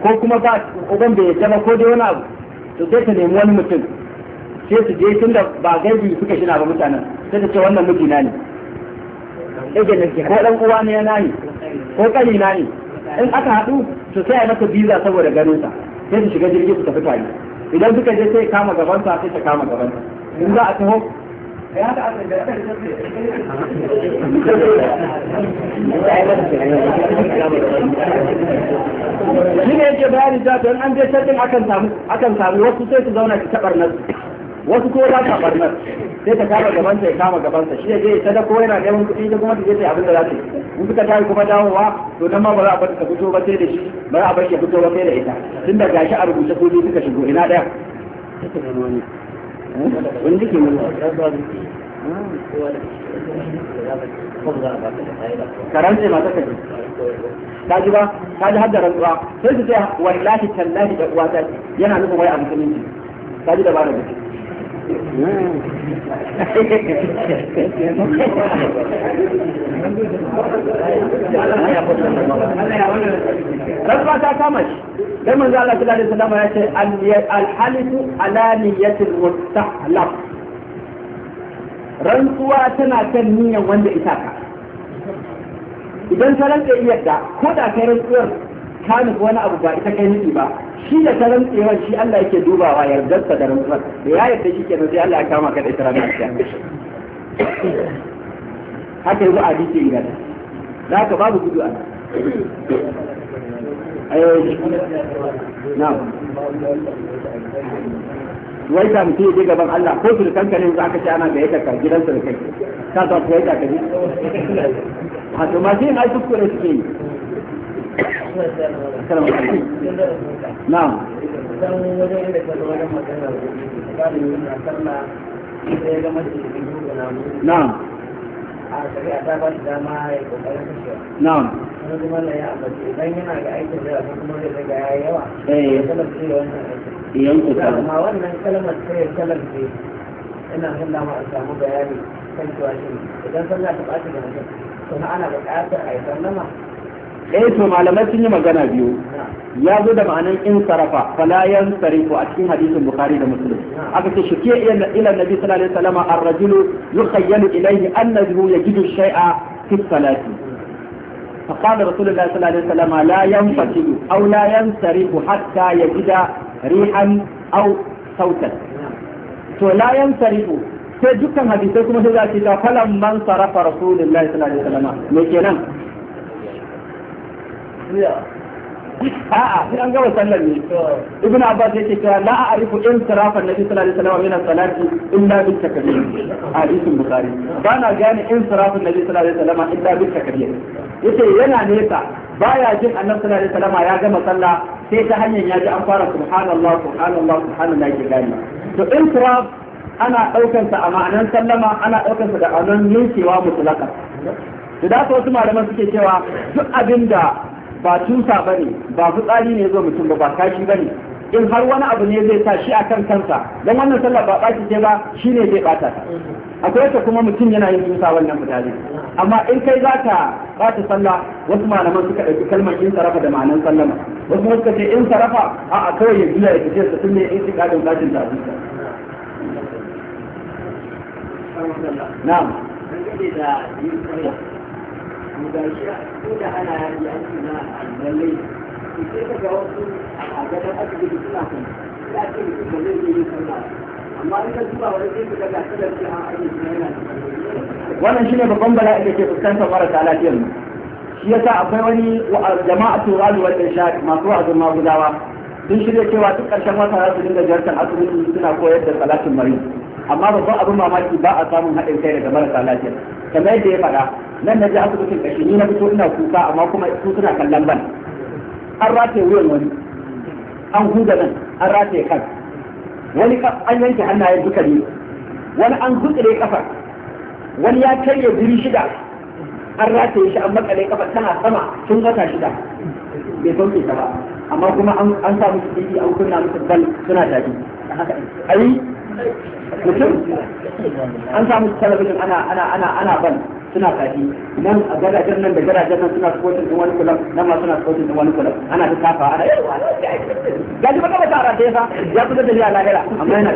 ko kuma ba uban bai yadda ba ko dai wani abu to sai ta nemi wani mutum sai su je tunda ba gaji suka shina ba mutanen sai ta ce wannan na ne ko dan uwa ne na ne ko kani na ne in aka haɗu to sai a masa biza saboda ganin sa sai su shiga jirgi su tafi tare idan suka je sai kama gaban sa sai ta kama gaban in za a taho shi ne yake bayani da don an je sarkin akan samu wasu sai su zauna ki tabar nasu wasu ko za ta barnar sai ta kama gabansa ya kama gabansa shi je ta da ko yana neman kuɗi ta kuma ta je ta abin da za ta in suka tafi kuma dawowa to nan ma ba za a bata fito ba sai da shi ba za a bar ya fito ba sai da ita tun da gashi a rubuce ko suka shigo ina ɗaya wani karanta ma saka ji ta ji ba ta ji da rantsuwa sai su ce wallahi tallahi da uwa ta yana nufin wai a musulunci ta ji da mutum rasuwa ta kama shi dan manzo Allah sallallahu alaihi wasallam ya ce al ala niyyatil mustahlaf rantsuwa tana kan niyyar wanda ita ka idan ka rantsa iyadda ko da kai rantsuwar ka nufi wani abu ba ita kai nufi ba shi da ta rantsewar shi Allah yake dubawa yardarsa da rantsuwar da ya yarda shi kenan sai Allah ya kama ka da ita ranar haka yanzu abi ke gada da haka babu gudu a na wai da mutum yaje gaban Allah ko su kanka ne za ka ci ana gayyata ka gidansa da kai ka za ku yaita ka ji a to ma sai na kuskure suke yi na'am na'am a shari'a ta ba shi dama ya kokarin kashewa na'am kuma kuma na ya ambaci idan yana ga aikin da ya kuma zai daga ya yawa ya talabce da wannan aikin yanku ta amma wannan kalmar sai ya talabce ina son dama a samu bayani kan cewa shi idan sallah ta ɓaci da mutum Na. ana buƙatar a yi sallama eh to malamai sun yi magana biyu ya zo da ma'anin in sarafa fala sarifu a cikin hadisin bukhari da muslim aka ce shi ke ila nabi sallallahu alaihi wasallam ar-rajulu yukhayyalu ilayhi annahu yajidu shay'a fi salati فقال رسول الله صلى الله عليه وسلم لا ينفتل أو لا ينصرف حتى يجد ريحا أو صوتا فلا ينصرف sai dukkan hadisai kuma sai za ce falan man sarafa rasulullahi sallallahu alaihi me kenan a'a sai an gama sallar ne ibn abbas yake cewa la a'rifu in sirafa nabi sallallahu alaihi wasallam min salati illa bil takbir hadithun bukhari ba na gane in sirafa nabi sallallahu alaihi wasallam illa bil takbir yace yana nesa baya jin annabi sallallahu alaihi wasallam ya gama sallah sai ta hanyar ya ji an fara subhanallah subhanallah subhanallah yake gani. to in siraf ana daukan sa a ma'anan sallama ana daukan sa da anan yankewa mutlaka to da wasu malaman suke cewa duk abinda ba tusa ba ne ba fitsari ne zo mutum ba ba kashi ba ne in har wani abu ne zai sa shi a kan kansa don wannan sallah ba ɓaci ce ba shi ne zai ɓata ta akwai ta kuma mutum yana yin tusa wannan mutane amma in kai za ka ɓata sallah wasu malaman suka ɗauki kalmar in sarafa da ma'anan sallama wasu suka ce in sarafa a'a kawai ya biya ya fice sa tun ne in shi ƙadin ƙashin ta na'am ga ko da ana yi an suna lalle sai ka ga wasu a gadon asibiti suna kan ya ce mutum ba zai yi sallah amma in ka duba wani sai ka ga sallar ce an aje shi yana wannan shine babban bala'i da ke fuskantar marasa lafiyar mu shi yasa akwai wani jama'a jama'atu ralu wal irshad masu wa'azin magudawa sun shirya cewa duk ƙarshen wata za su dinga jartar asibiti suna koyar da salatin mari amma babban abin mamaki ba a samun haɗin kai daga marasa lafiya kamar yadda ya faɗa nan na je asibitin kashi ni na fito ina kuka amma kuma su suna kallon ban an rataye wuyan wani an huda nan an rataye kan wani an yanke hannayen duka ne wani an hutsire kafa wani ya karye guri shida an rataye shi an makale kafa tana sama sun gata shida bai sauke ta ba amma kuma an samu shi bibi an kunna musu bal suna tafi ai mutum an samu talabijin ana ana ana ana ban suna kaji nan a gadajen nan da gadajen nan suna sporting din wani club nan ma suna sporting din wani club ana ta kafa ana yau ya ji maka ta arata yasa ya fita da lahira amma yana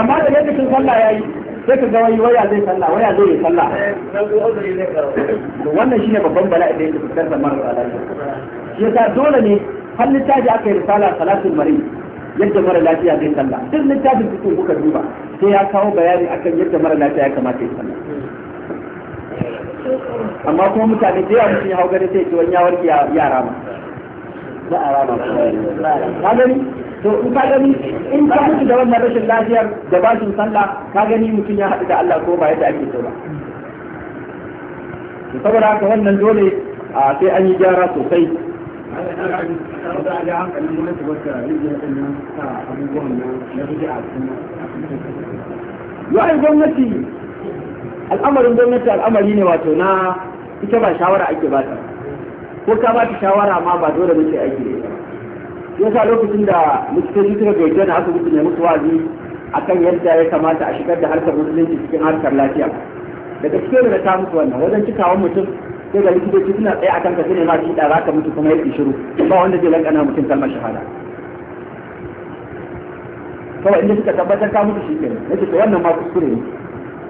amma da sun sallah yayi sai ka ga wani waya zai sallah waya zai yi sallah wannan shine babban bala'i da yake fuskantar mara lafiya shi yasa dole ne har littafi aka yi risala salatul mari yadda mara lafiya zai sallah duk littafin cikin kuka duba sai ya kawo bayani akan yadda mara lafiya ya kamata ya sallah amma kuma mutane da yawa sun hau gari sai ce wani ya warke ya rama ba a rama ka gani to in ka gani in ka mutu da wannan rashin lafiyar da su sallah ka gani mutum ya haɗu da Allah ko ba yadda ake so ba saboda haka wannan dole a sai an yi gyara sosai yau ai gwamnati al'amarin gwamnati al'amari ne wato na ita ba shawara ake ba ta ko ka ba ta shawara ma ba dole mace aiki ne ya sa lokacin da likitoci suka gaje na asibiti ne musu wazi akan yadda ya kamata a shigar da harkar musulunci cikin harkar lafiya daga cikin da ta mutu wannan wajen cikawan mutum sai ga likitoci suna tsaye akan ka ne ma shi da za ka mutu kuma ya shiru ba wanda zai lankana mutum kalmar shahada kawai inda suka tabbatar ka mutu shi kenan nake to wannan ma kuskure ne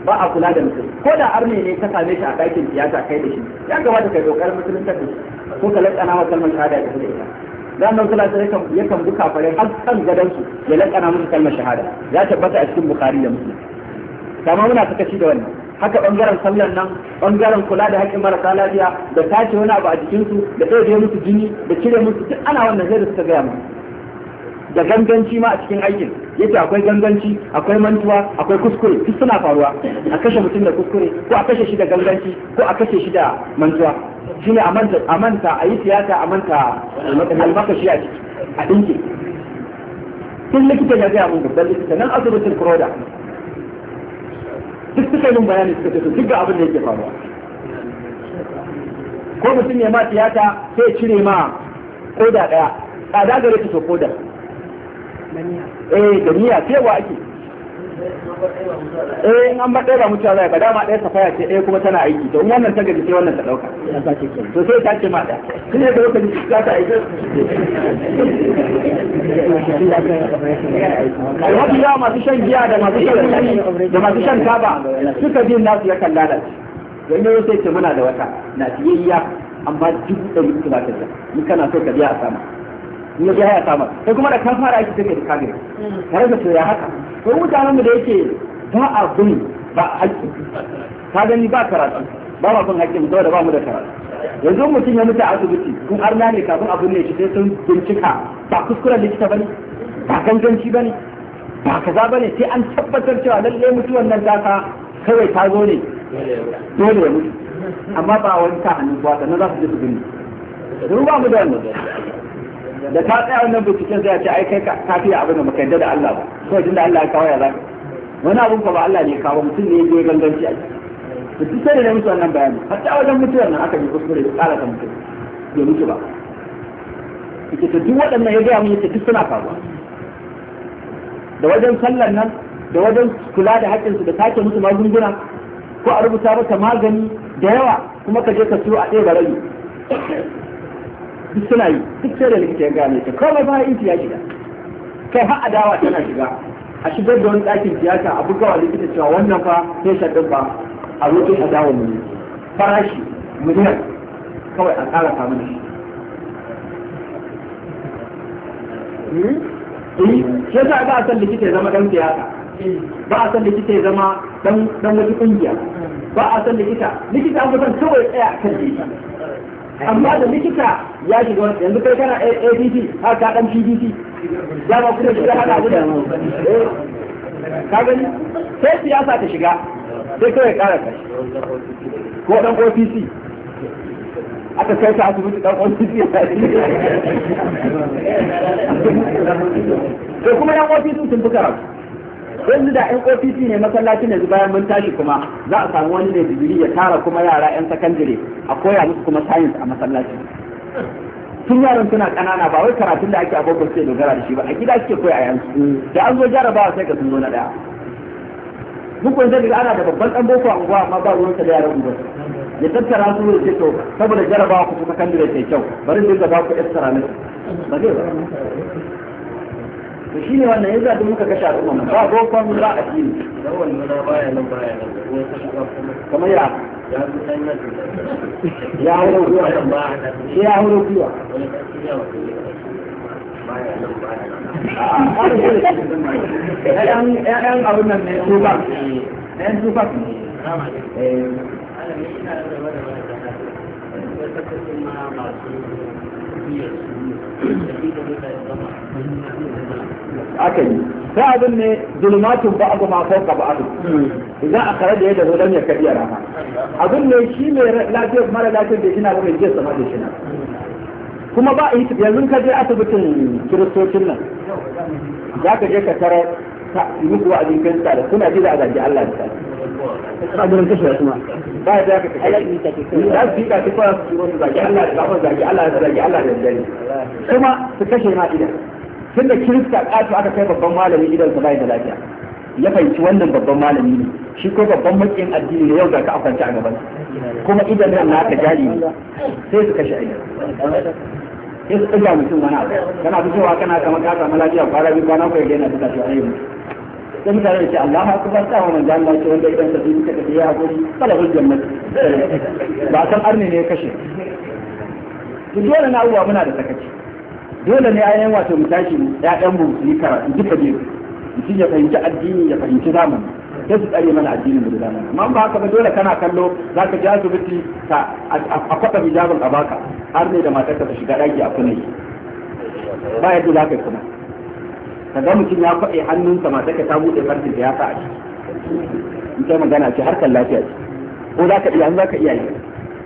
ba a kula da mutum ko da arne ne ka same shi a ɗakin siyasa kai da shi ya kamata ka kokarin musulunta da shi ko ka lakana wa kalmar shahada da ita da annabi sallallahu alaihi wasallam yakan bi kafare har kan gadan su ya lakana musu kalmar shahada ya tabbata a cikin bukhari da muslim kama muna sakaci da wannan haka bangaren sallan nan bangaren kula da haƙƙin marasa lafiya da tace wani abu a jikin su da ɗaya musu jini da cire musu duk ana wannan zai da suka gaya mu da ganganci ma a cikin aikin yake akwai ganganci akwai mantuwa akwai kuskure duk suna faruwa a kashe mutum da kuskure ko a kashe shi da ganganci ko a kashe shi da mantuwa shine a manta a manta a yi tiyata a manta almakashi a ciki a dinki tun likita ya gaya mun babban likita nan asibitin kuroda duk suka yi bayani suka ce duk ga abin da yake faruwa ko mutum ya ma tiyata sai cire ma koda daya tsada gare ta to kodar eh da niyya cewa ake eh in an ba ɗaya ba mutuwa zai ba dama ɗaya safaya ce ɗaya kuma tana aiki to wannan ta gaji sai wannan ta ɗauka to sai ta ce ma ɗaya shi ne da lokaci za ta aiki alhamdulillah masu shan giya da masu shan kuri da masu shan taba suka jin nasu ya kan lalace don yau sai ce muna da wata na fiyayya amma dubu ɗari uku za ta in kana so ka biya a sama in ya haya samar sai kuma da kan fara ake take da kamera tare da ya haka ko mutanen mu da yake ba a bin ba haƙƙi ka gani ba karatu ba ma bin haƙƙin saboda ba mu da karatu yanzu mutum ya mutu a asibiti kun arna ne kafin abin ne shi sai sun bincika ba kuskuren likita bane ba ganganci bane ba kaza bane sai an tabbatar cewa lalle mutuwan nan ta kawai ta zo ne dole ya mutu amma ba wani ta hannun buwata na za su je su gani. ba mu da wannan. da ta tsaya wannan binciken sai a ce ai kai ka fiye abin da baka da Allah ba so jin da Allah ya kawo ya zaka wani abun ba Allah ne kawo mutum ne ya je ganganci a to duk sai da musu wannan bayani hatta wajen mutuwar nan aka yi kuskure da tsara ta mutum ya mutu ba ita ta duk waɗannan ya gaya mun yace duk suna faruwa da wajen sallar nan da wajen kula da haƙƙinsu da sake musu magunguna ko a rubuta maka magani da yawa kuma ka je ka siyo a ɗaya da rabi suna yi duk sai da likita ya gane ta kawai ba inci ya shiga kai har adawa tana shiga a shigar da wani ɗakin tiyata a buga wa likita cewa wannan fa sai shaddin ba a roƙe adawa mu ne farashi miliyan kawai a ƙara samun shi hmm? eh, shi yasa ba a san likita ya zama ɗan tiyata ba a san likita ya zama dan wata kungiya ba a san likita likita an san kawai tsaya a kan amma da likita ya shiga wani yanzu kai kana ADP har ka dan PDP ya ba kuma shiga hada abu da eh, ka gani sai siyasa ta shiga sai kawai kara ka ko dan OPC aka kai ta asibiti dan OPC ya sai kuma dan OPC sun fi karatu yanzu da yan opc ne masallaci ne bayan mun tashi kuma za a samu wani ne digiri ya tara kuma yara yan sakandare a koya musu kuma science a masallaci tun yaran suna kanana ba wai karatun da ake abokan sai dogara da shi ba a gida suke koya a yanzu da an zo jarabawa sai ka sun zo na daya duk wanda daga ana da babban dan boko a unguwa amma ba ruwansa da yaran unguwa ya tattara su ya ce to saboda jarabawa ku kuma kandida ta kyau bari dinga ba ku extra ne ba zai ba to shi ne wannan yanzu da muka kashe al'umma ba gofan ba a cikin kamar ya ya huro kuwa ya huro kuwa ‘Yan abin nan ne su ba, ‘yan ba ne. aka yi sai abin ne zulmatun ba abu ma fauka ba abu idan a kare da yadda zo dan ya kadiya rana abin ne shi mai lafiyar mara lafiyar da kina mai jiya sama da kina kuma ba a yi yanzu ka je asibitin kiristocin nan za ka je ka tara ta yi kuwa abin kan tsada kuna ji da a zagi Allah da tsadirin kashe kuma ba ya ka kashe za su yi kashi kwa su zagi Allah da zagi Allah da zagi Allah da zagi kuma su kashe ma idan tunda kirista kasu aka kai babban malami idan sa bai da lafiya ya fahimci wannan babban malami ne shi ko babban makin addini ne yau ga ka a a gaban kuma idan nan naka jari ne sai su kashe aiki sai su ɗaga mutum wani abu kana cewa kana kamar ka samu lafiya kwana biyu kwana kwaya yana suka shi aiki sai mutane da ce Allah ha kuma sa wa jami'a ce wanda idan sabi suka tafi ya hakuri kala hujjan mutum ba san arni ne ya kashe Ku dole na abubuwa muna da sakaci dole ne ainihin wato mu tashi ƴaƴan mu yi karatu duka biyu mutum ya fahimci addini ya fahimci zamani sai su tsare mana addinin mu da zamani amma ba haka ba dole kana kallo za ka je asibiti ka a kwaɗa hijabin a baka har ne da matar ka shiga ɗaki a kunai ba yadda za ka yi kuma ka ga mutum ya kwaɗe hannunsa matar ka ta buɗe farkin da ya sa a ciki in kai magana ce harkar lafiya ce ko za ka iya za ka iya yi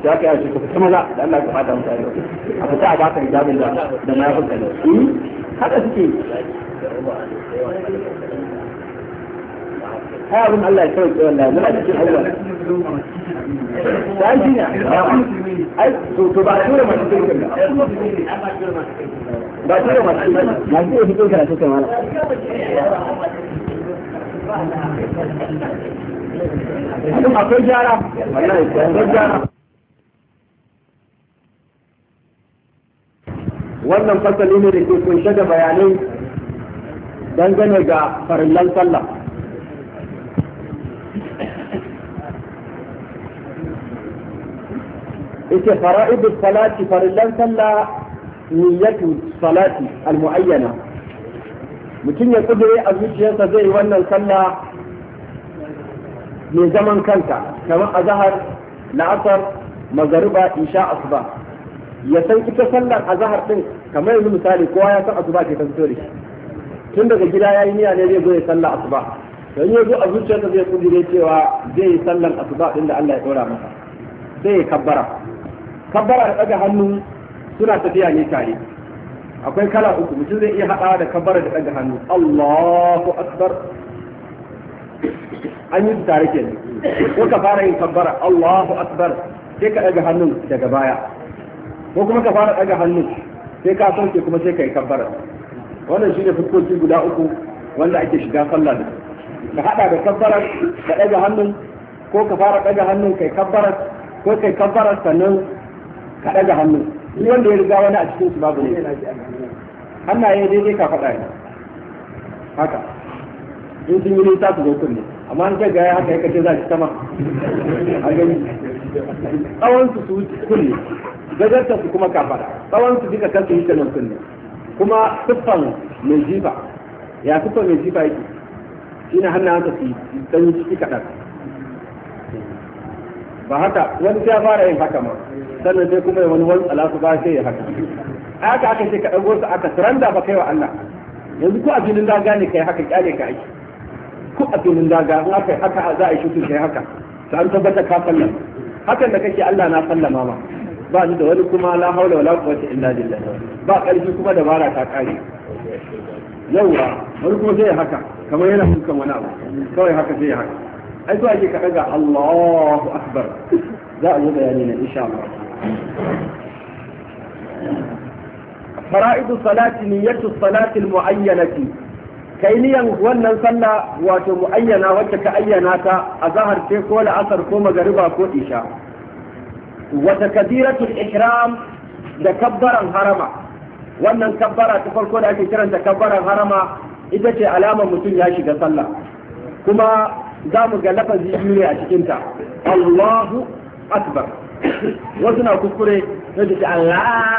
ya kai shi ku fita maza da Allah mutane a fita a baka da da hmm? haka suke Allah ya kawai tsawon muna cikin abubuwa ta shi ne ai to to ba tura masu ba tura masu ba tura wannan fasali ne da ke kunshe da bayanai dangane ga farillan sallah ita fara'idu salati farillan sallah niyyatu salati almu'ayyana mutum ya kudure a zuciyarsa zai yi wannan sallah mai zaman kanta kamar azhar la'asar magariba insha asuba ya san ita sallar azahar din kamar yanzu misali kowa ya san asuba ke kan tsori tun daga gida ya yi niyya ne zai zo ya sallar asuba dan yazo a zuciyarsa zai dai cewa zai yi sallar asuba din da Allah ya dora masa sai ya kabbara kabbara da daga hannu suna tafiya ne tare akwai kala uku mutum zai iya haɗawa da kabbara da daga hannu Allahu akbar an yi tare ne ko ka fara yin kabbara Allahu akbar sai ka daga hannun daga baya ko kuma ka fara daga hannu sai ka sauke kuma sai ka yi kabbara wannan shine fukoki guda uku wanda ake shiga sallah da ka hada da kabbara ka daga hannu ko ka fara daga hannu kai kabbara ko kai kabbara sannan ka daga hannu ni wanda ya riga wani a cikin su babu ne hannaye daidai ka faɗa ne haka in sun yi nisa su zo kunne amma an ga ya haka ya kace za ki sama a gani tsawon su su kulle gajarta su kuma kafara tsawon su duka su yi tanan sunne kuma siffan mai jifa ya siffan mai jifa yake shi na hannayensa su yi yi ciki kaɗan ba haka wani ya fara yin haka ma sannan sai kuma wani wani alasu su ba sai ya haka haka aka ce ka ɗago su aka suranda ba kai wa Allah yanzu ko a filin daga ne kai haka kyale ka aiki ko a filin daga in aka haka za a yi shutu kai haka sai an tabbata ka sallama hakan da kake Allah na sallama ma ba ni da wani kuma la haula wala quwwata illa billah ba karfi kuma da bara ta kare yawa wani kuma sai haka kamar yana hukan wani abu kawai haka sai haka ai to ake ka ga Allahu akbar za a yi bayani na insha Allah fara'idu salati niyyatu salati al kai niyan wannan sallah wato mu'ayyana wacce ka ayyana ta a zahar ce ko la'asar ko magariba ko isha wata kabiratul ihram da kabbaran harama wannan kabbara ta farko da ake kiranta kabbaran harama ita ce alamar mutum ya shiga sallah kuma za mu ga lafazi biyu ne a cikinta Allahu akbar wasu na kuskure na ce Allah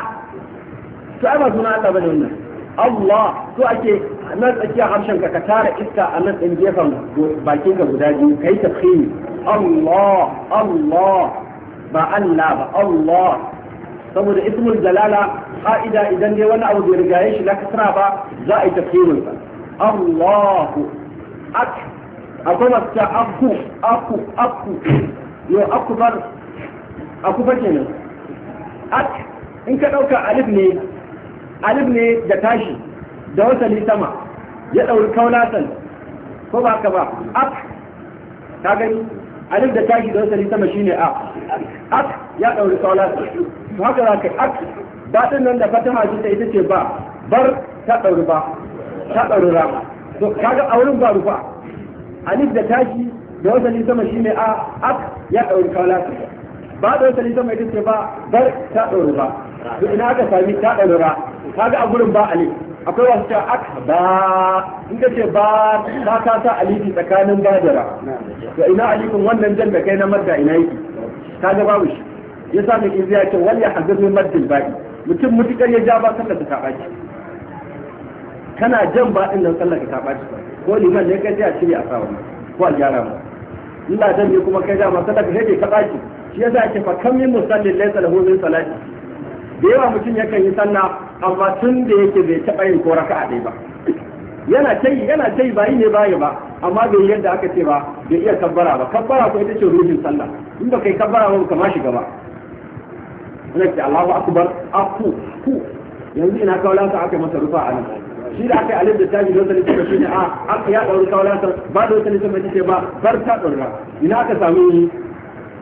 to ai ba suna Allah bane wannan Allah to ake nan tsakiyar harshen ka ka tara iska a nan ɗin gefen bakin ka guda biyu kai ta Allah Allah ba Allah ba Allah saboda ismul jalala ka'ida idan dai wani abu bai rigaye shi na kasra ba za a yi tafsirin sa Allahu ak akwai masu ta aku aku aku yau aku bar aku bar kenan ak in ka ɗauka alif ne alif ne da tashi da wasali sama ya ɗauri kaulatan ko ba ka ba ak ka gani alif da tashi da wasali sama shine a ak ya dauri saula to haka za ka ak batin nan da fataha shi ta ita ce ba bar ta dauri ba ta dauri rama to kaga a auren ba rufa alif da tashi da wasali sama shine a ak ya dauri saula ba da wasali sama ita ce ba bar ta dauri ba to ina aka sami ta dauri ra kaga a gurin ba alif akwai wasu ta aka? ba in ka ce ba ba ka sa aliki tsakanin gajara to ina alikun wannan jan da kai na madda ina yi ta ga babu shi ya sa mai ya ce wani ya hazazu maddil baki mutum mutukar ya ja ba sallar da ta kana jan ba din nan sallar da ta ko liman ne kai a shirya a sa wannan ko a gyara mu illa dan ne kuma kai da ma sallar da ka ɓaci. shi ya ake fa kam min musallin laysa lahu min salati da yawa mutum yakan yi sanna amma tun da yake bai taɓa yin ko raka'a ɗaya ba yana ta yi yana ta yi ba yi ne baya ba amma bai yadda aka ce ba bai iya kabbara ba kabbara ko ita ce ruhin sallah in ba kai kabbara ba ka ma shiga ba ce Allahu akbar aku ku yanzu ina kaulanta aka masa rufa a nan shi da aka yi alif da tabi da wani tabi shine a aka ya dauri kaulanta ba da wani tabi ce ba bar ta daura ina aka samu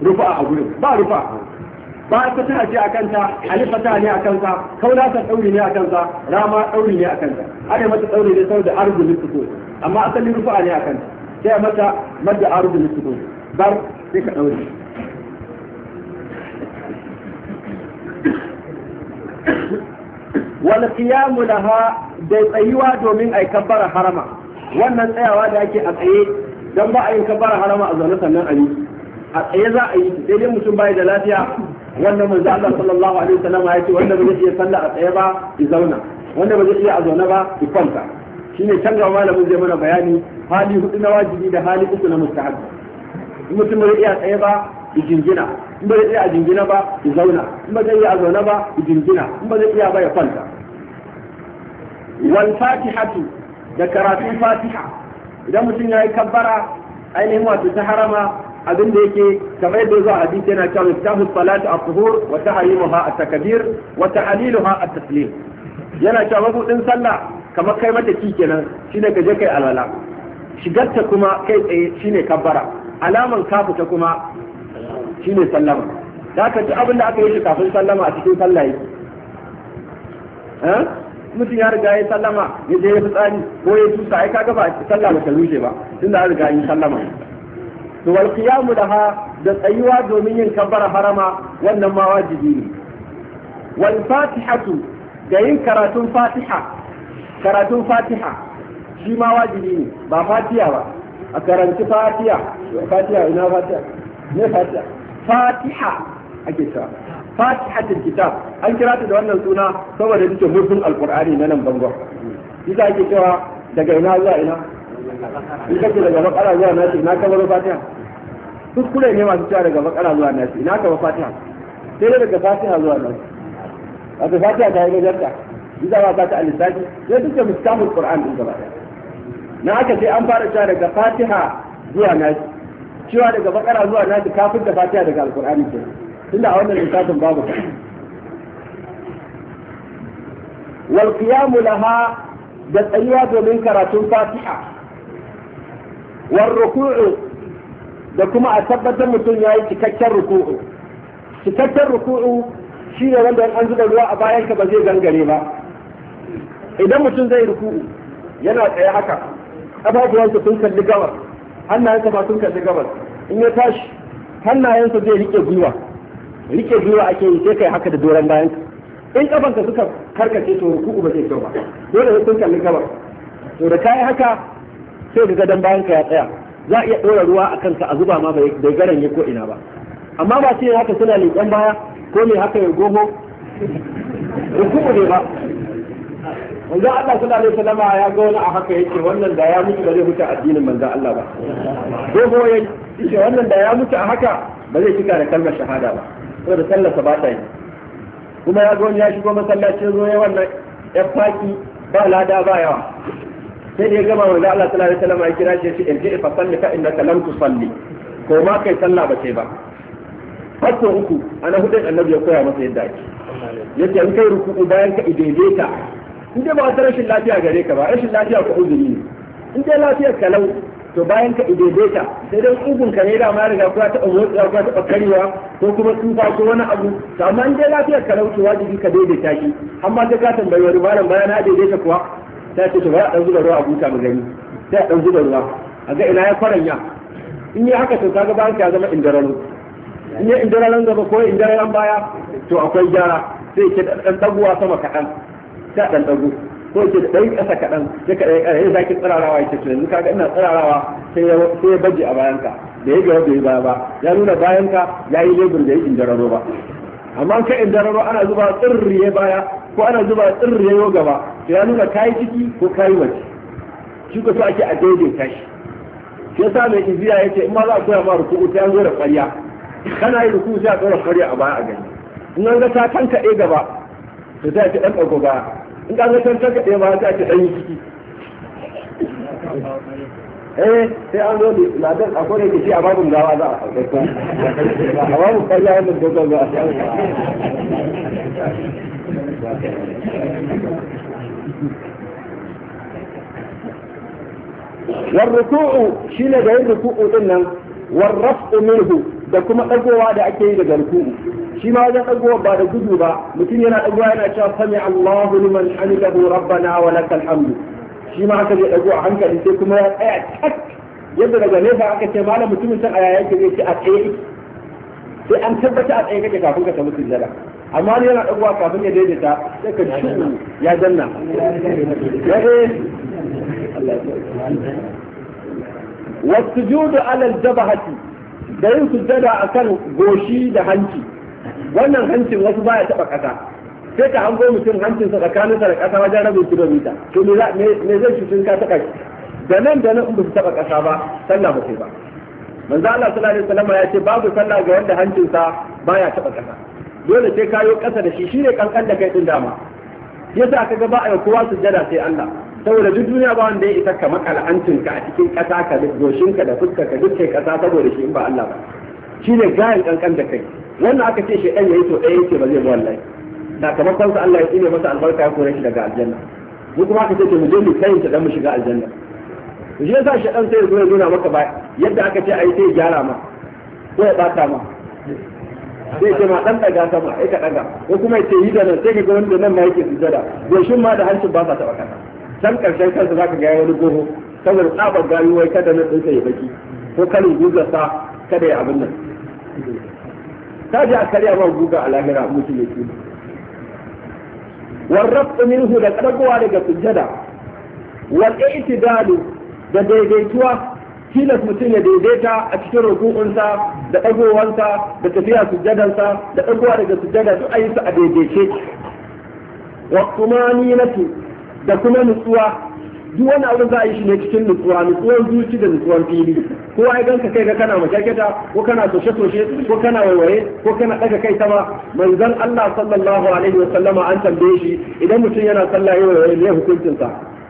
rufa a gurin ba rufa ba ta ta ce a kanta alifa ta ne a kanta kauna ta dauri ne a kanta rama dauri ne a kanta ana mata dauri ne saboda arzu lissuko amma asalin rufa ne a kanta sai a mata madda arzu lissuko bar sai ka dauri wal qiyamu laha da tsayuwa domin ai kabbara harama wannan tsayawa da ake a tsaye dan ba a yin kabbara harama a zaune sannan a yi a tsaye za a yi daidai mutum bai da lafiya wannan manzo Allah sallallahu alaihi wasallam ya ce wanda ba zai iya sallah a tsaye ba ya zauna wanda ba zai iya a zaune ba ya kwanta shine can ga malamin zai mana bayani hali hudu na wajibi da hali uku na mustahabi in mutum bai iya tsaye ba ya jingina in bai iya a jingina ba ya zauna in ba zai iya a zaune ba ya jingina in ba zai iya ba ya kwanta wal fatihatu da karatun fatiha idan mutum ya yi kabbara ainihin wato ta harama abin da yake kamar yadda zuwa hadisi yana cewa iftahu salatu at-tuhur wa tahrimuha at-takbir wa ta'liluha at-taslim yana cewa mabudin sallah kamar kai mata ki kenan shine kaje kai alwala shigarta kuma kai tsaye shine kabbara alaman kafuta kuma shine sallama da aka ci abin da aka yi shi kafin sallama a cikin sallaye, eh? mutum ya riga ya sallama ya je ya tsari, ko ya tusa ai kaga ba sallama ta rushe ba tunda an riga yi sallama to wal qiyamu laha da tsayuwa domin yin kabbara harama wannan ma wajibi ne wal fatihatu da yin karatun fatiha karatun fatiha shi ma wajibi ne ba fatiha ba a karanci fatiha fatiha ina fatiha ne fatiha fatiha ake cewa Fatiha fatihatul kitab an kira ta da wannan suna saboda take murfin alqur'ani na nan bangon yasa ake cewa daga ina zuwa ina in kace daga bakara zuwa nasi ina ka baro fatiha kuskure ne masu cewa daga bakara zuwa nasi ina ka fatiha sai dai daga fatiha zuwa nasi wato fatiha ta yi gajarta idan ba ka ta alisaji sai duka mustahul qur'an din gaba na aka sai an fara cewa daga fatiha zuwa nasi cewa daga bakara zuwa nasi kafin da fatiha daga alqur'ani ke tunda a wannan lissafin babu ka wal qiyamu laha da tsayuwa domin karatun fatiha war ruku'u da kuma a tabbatar mutum ya yi cikakken ruku'u cikakken ruku'u shi ne wanda an zuba ruwa a bayan ka ba zai gangare ba idan mutum zai ruku'u yana tsaye haka ƙafafuwansa sun kalli gabar hannayensa ba sun kalli gabar in ya tashi hannayensa zai rike gwiwa rike gwiwa ake yi sai kai haka da doron bayan in kafanka suka karkace to ruku'u ba zai kyau ba dole sun kalli gabar to da kai haka sai ga gadon bayan ka ya tsaya za a iya ɗora ruwa a kansa a zuba ma bai garan ko ina ba amma ba sai haka suna leƙen baya ko ne haka ya goho rukuku ne ba wanda Allah suna alaihi salama ya ga wani a haka yake wannan da ya mutu ba zai huta addinin manzo Allah ba goho ya ce wannan da ya mutu a haka ba zai cika da kalmar shahada ba saboda sallarsa ba ta yi kuma ya ga wani ya shigo masallacin zo ya wannan ya faki ba lada ba yawa sai da ya gama manzo Allah sallallahu alaihi wasallam ya kira shi ya ce fa salli ka innaka lam tusalli ko ma kai sallah ba sai ba hakko uku ana hudin annabi ya koya masa yadda ake yace in kai ruku'u bayan ka idaidaita in dai ba ta rashin lafiya gare ka ba rashin lafiya ko uzuri ne in dai lafiyar kalau to bayan ka idaidaita sai dai ugun ka ne da ma riga ko ta umurta ko ta karewa ko kuma tsufa ko wani abu to amma in dai lafiyar kalau to wajibi ka daidaita shi amma ka ka tambayi wani malam bayan na daidaita kuwa sai ce to ba dan zuba ruwa a buta mu gani sai dan zuba ruwa a ga ina ya faranya in yi haka to kaga bayan ya zama indaralo in ya indararon gaba ko indararon baya to akwai gyara sai ke dan daguwa sama kaɗan ta dan dagu ko ke da ɗari ƙasa kaɗan ya kaɗai ƙara ya zaki tsirarawa ya ce yanzu kaga ina tsirarawa sai ya baje a bayanka da ya gaba bai baya ba ya nuna bayanka ya yi lebur da ya indaralo ba amma ka in dararo ana zuba tsirriye baya ko ana zuba tsirriye gaba to ya nuna kayi ciki ko kayi waje shi ko so ake a daidaita shi shi yasa mai iziya yace in ma za a koya ma ruku'u ta zo da ƙarya kana yi ruku'u sai a tsora ƙarya a baya a gani in an ga ta tankaɗe gaba to sai a ce ɗan ɗauko baya in ka ga ta tankaɗe baya sai a ce ɗan yi ciki eh sai an zo na dan akwai da shi a babun gawa za a a babun kalla wannan dogon za a والركوع شين din nan, دينن والرفع منه da kuma dagowa da ake yi daga ruku'u shi ma wajen dagowa ba da gudu ba mutum yana dagowa yana cewa sami Allahu liman hamidahu rabbana wa lakal hamdu shi ma haka zai dago a hankali sai kuma ya tsaya tak yadda daga nesa aka ce malam mutumin can a yaya yake zai ce a tsaye sai an tabbata a tsaye kake kafin ka samu sujjada amma ne yana dagowa kafin ya daidaita sai ka ci ya danna ya wasu judu alal jabahati da yin sujjada kan goshi da hanci wannan hancin wasu baya taɓa ƙasa. sai ka hango mutum hancinsa tsakaninsa da ƙasa wajen rabin kilomita to me zai sun ka taɓa shi da nan da nan in ba su taɓa ƙasa ba sallah ba sai ba manzo Allah sallallahu alaihi wasallam ya ce babu sallah ga wanda hancinsa baya taɓa ƙasa dole sai kayo ƙasa da shi shine kankan da kai din dama yasa ga ba a yi kowa sujjada sai Allah saboda duk duniya ba wanda ya isa ka makala hancinka a cikin ƙasa ka goshinka da fuska ka duk kai ƙasa saboda shi in ba Allah ba shine gayan kankan da kai wannan aka ce shi ɗan yayi to ɗaya yake ba zai ba wallahi sakamakon sa Allah ya tsine masa albarka ya kore shi daga aljanna mu kuma aka ce mu je mu kai ta dan mu shiga aljanna to shi yasa shi dan sai ya zo nuna maka ba yadda aka ce ai sai gyara ma ko ya bata ma sai ce ma dan daga sama ai ka daga ko kuma ce yi da nan sai ka ga wanda nan ma yake sujada shin ma da hancin ba sa taba kasa san karshen kansa zaka ga wani goho saboda tsabar gayu wai kada na tsinka ya baki ko kalin sa kada ya abin nan ta ji a karya ba guga a lahira mutum ya kima والرفع منه da karbuwa daga sujada, wal i'tidalu da daidaituwa tilas mutum ya daidaita a cikin ruku'unsa da dagowansa da tafiya sujjadansa da dagowa daga sujjada a yi su a daidaice wa kumaninatu da kuma nutsuwa duk wani abin za a yi shi ne cikin nutsuwa nutsuwar zuci da nutsuwar fili ko ai gan ka kai ga kana majaketa ko kana soshe soshe ko kana waiwaye ko kana daga kai sama manzon Allah sallallahu alaihi wasallama an tambaye shi idan mutum yana sallah yayi waiwaye ne hukuncin sa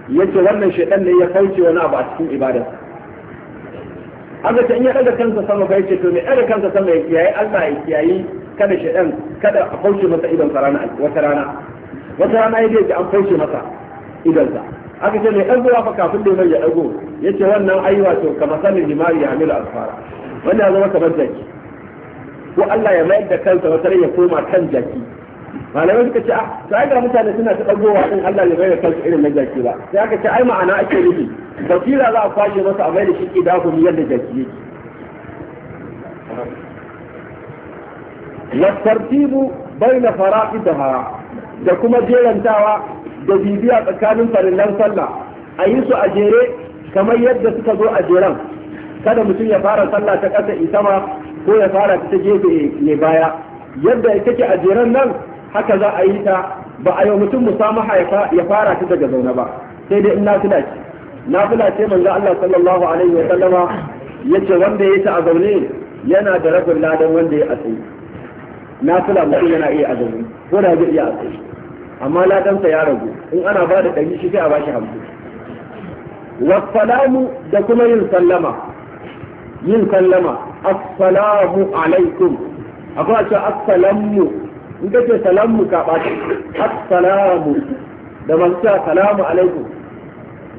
yace wannan shedan ne ya kauce wani abu a cikin ibada haka in ya daga kansa sama kai ce to ne daga kansa sama ya kiyaye Allah ya kiyaye kada shedan kada a kauce masa idon sa rana wata rana wata rana ya ji an kauce masa idon sa aka ce mai ɗagowa fa kafin da ya ɗago ya ce wannan ai wato ka masalin limari ya hamilu alfara wanda ya zama kamar jaki ko Allah ya mayar da kansa wata ya koma kan jaki malamai suka ce a ah, sai ga mutane suna ta ɗagowa din Allah ya mayar da kansa irin na jaki ba sai aka ce ai ma'ana ake nufi basira za a kwashe masa a mayar da shi miyar yadda jaki yake والترتيب بين فرائضها da kuma jerantawa da bibiya tsakanin farillan sallah a yi su a jere kamar yadda suka zo a jeren kada mutum ya fara sallah ta ƙasa isama ko ya fara ta gefe ne baya yadda ya ke a jeren nan haka za a yi ta ba a yau mutum musamaha ya fara ta daga zaune ba sai dai in nafila ce nafila ce manzo Allah sallallahu alaihi wa sallama yace wanda ya ta a zaune yana da rabin ladan wanda ya a tsaye nafila mutum yana iya a zaune ko da zai iya a tsaye amma ladansa ya ragu in ana ba da ɗari shi sai a bashi hamsin wasalamu da kuma yin sallama yin sallama assalamu alaikum akwai a ce assalamu in kace salamu ka ɓaci assalamu da masu cewa salamu alaikum